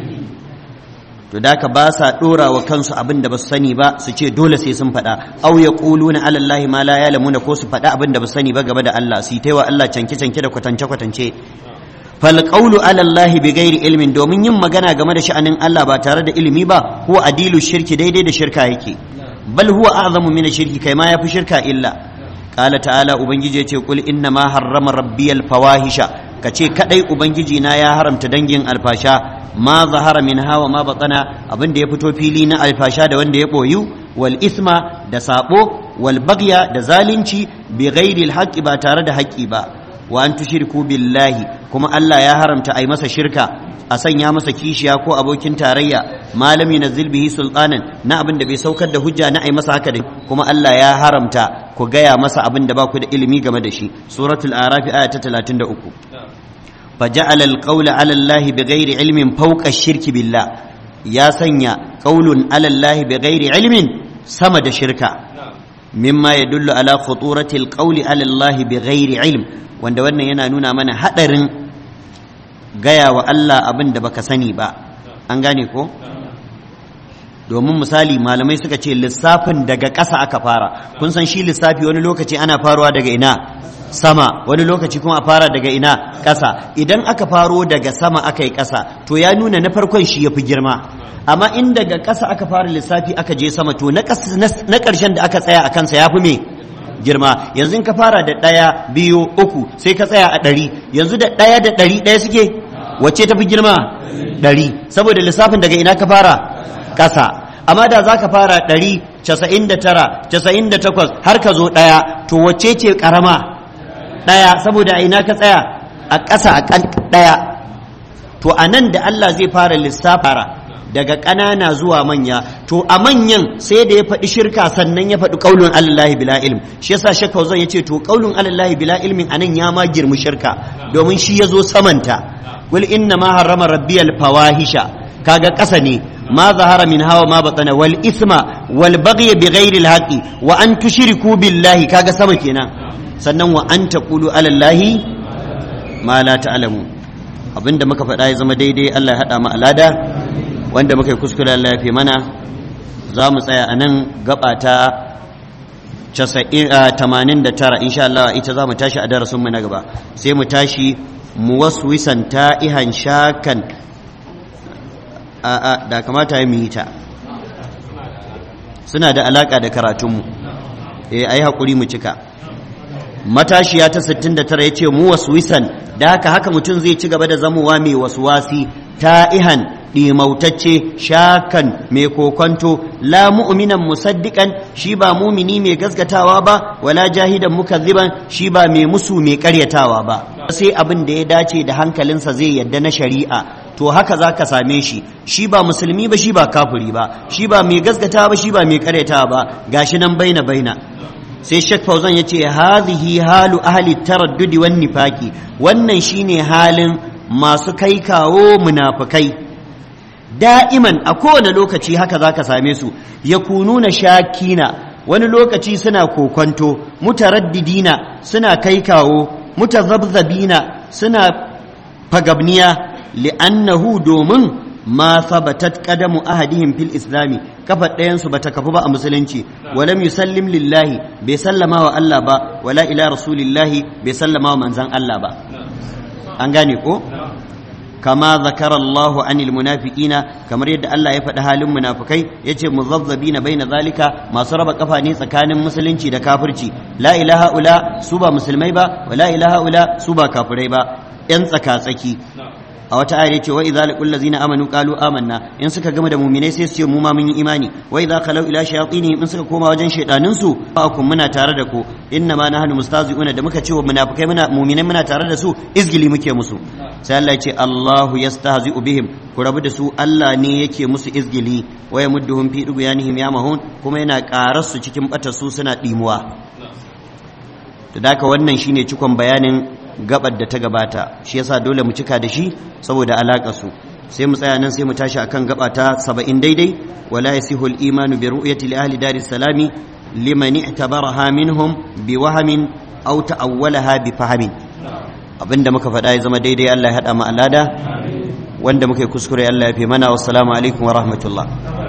[SPEAKER 1] to da ka ba sa dora wa kansu abin da ba su sani ba su ce dole sai sun faɗa aw ƙulu na allahi ma la ya'lamuna ko su faɗa abin da ba su sani ba game da Allah su yi wa Allah canke canke da kwatance kwatance falƙaulu alallahi bi gairi ilmin domin yin magana game da sha'anin Allah ba tare da ilimi ba ko adilu shirki daidai da shirka yake bal huwa a'zamu min shirki kai ma yafi shirka illa qala ta'ala ubangiji ya ce kul inna ma harrama rabbiyal fawahisha kace kadai ubangiji na ya haramta dangin alfasha ma zahara min hawa ma batana abin da ya fito fili na alfasha da wanda ya boyu wal isma da sabo wal bagya da zalunci bi ghairi al ba tare da haƙƙi ba wa an tushriku billahi kuma Allah ya haramta ai masa shirka a sanya masa kishiya ko abokin tarayya malami na zilbihi sultanan na abin da bai saukar da hujja na ai masa haka kuma Allah ya haramta ku gaya masa abin da ba ku da ilimi game da shi suratul arafi aya ta 33 faja'ala alqawla 'ala Allah bighairi ilmin fawqa shirki billah ya sanya ƙaulun 'ala Allah bighairi ilmin sama da shirka mimma ya dullu ala khuturatil qawli ala Allah bighairi ilm wanda wannan yana nuna mana hadarin gaya wa Allah abin da baka sani ba an gane ko domin misali malamai suka ce lissafin daga ƙasa aka fara kun san shi lissafi wani lokaci ana faruwa daga ina sama wani lokaci kuma a fara daga ina ƙasa idan aka faro daga sama aka yi ƙasa to ya nuna na farkon shi ya fi girma amma in daga ƙasa aka fara lissafi aka je sama to na ƙarshen da aka tsaya a kansa ya fi me girma yanzu ka fara da ɗaya biyu uku sai ka tsaya a ɗari yanzu da ɗaya da ɗari ɗaya suke wacce fi girma ɗari saboda lissafin daga ina ka fara ƙasa amma da za ka fara ɗari casa'in da tara casa'in da takwas har ka zo ɗaya to wacce ce ƙarama ɗaya saboda a ina ka tsaya a ƙasa a ɗaya to a nan da Allah zai fara lissafara daga ƙanana zuwa manya to a manyan sai da ya faɗi shirka sannan ya faɗi ƙaunin alallahi bila ilm shi yasa shakka zan ya ce to ƙaunin alallahi bila ilmin a nan ya ma girmi shirka domin shi ya zo samanta qul inna ma harrama rabbiyal fawahisha kaga ƙasa ne ma zahara min hawa ma batana wal isma wal baghy bighairi al haqi wa an tushriku billahi kaga sama kenan sannan wa an taqulu ala allahi ma la ta'lamu abinda muka faɗa ya zama daidai Allah ya hada mu alada wanda muka yi kuskura, Allah ya fi mana za mu tsaya a nan gaba ta 89 insha Allah ita za mu tashi a darasinmu na gaba sai mu tashi muwaswisan ta'ihan shakan da kamata ya yi ta suna da alaka da karatunmu eh yi haƙuri mu cika matashiya ta 69 ya ce waswisan da haka haka mutum zai ci gaba da zamowa mai ta ihan ɗimautacce shakan mai kokonto la mu'minan musaddiqan shi ba mumini mai gaskatawa ba wala jahidan mukazziban shi ba mai musu mai ƙaryatawa ba sai abin da ya dace da hankalinsa zai yadda na shari'a to haka za ka same shi shi ba musulmi ba shi ba kafiri ba shi ba mai gaskatawa ba shi ba mai ƙaryatawa ba gashi nan baina baina sai Sheikh Fauzan ya ce hazihi halu ahli taraddudi wan nifaki wannan shine halin masu kai kawo munafukai. da'iman a kowane lokaci haka za ka same su ya kununa shakina wani lokaci suna kokonto mutaraddidina suna kai kawo mutazabzabina suna fagabniya li'annahu domin ma sabatat kadamu ahadihim fil islami kafa ɗayansu su bata kafu ba a musulunci wala musallim lillahi bai sallama wa Allah ba wala ila rasulillahi bai sallama wa manzan Allah ba an gane ko kama zakara Allah anil munafiqina kamar yadda Allah ya faɗi halin munafikai yace muzazzabina baina zalika masu raba ƙafa ne tsakanin musulunci da kafirci la ilaha ula su ba musulmai ba wa la ilaha ula su ba kafirai ba yan tsaka tsaki a wata ayar yace wa idza laqul ladzina amanu qalu amanna in suka gama da mu'minai sai su ce mu ma mun yi imani wa idza khalau ila shayatinihim in suka koma wajen shaydanin su fa kun muna tare da ku inna ma nahnu mustazi'una da muka ce wa munafikai muna mu'minai muna tare da su izgili muke musu sai Allah yace Allahu yastahzi'u bihim ku rabu da su Allah ne yake musu izgili wa yamudduhum fi dughyanihim ya mahun kuma yana karar su cikin batar su suna dimuwa to daka wannan shine cikon bayanin gabar da ta gabata shi yasa dole mu cika da shi saboda alaƙa su sai mu tsaya nan sai mu tashi akan gaba ta 70 daidai wala yasihu al-imanu bi ru'yati ahli daris salami liman i'tabaraha minhum bi wahamin aw ta'awwalaha bi fahamin abinda muka faɗa ya zama daidai Allah ya hada mu alada wanda muka kuskure Allah ya fi mana wassalamu alaikum wa rahmatullah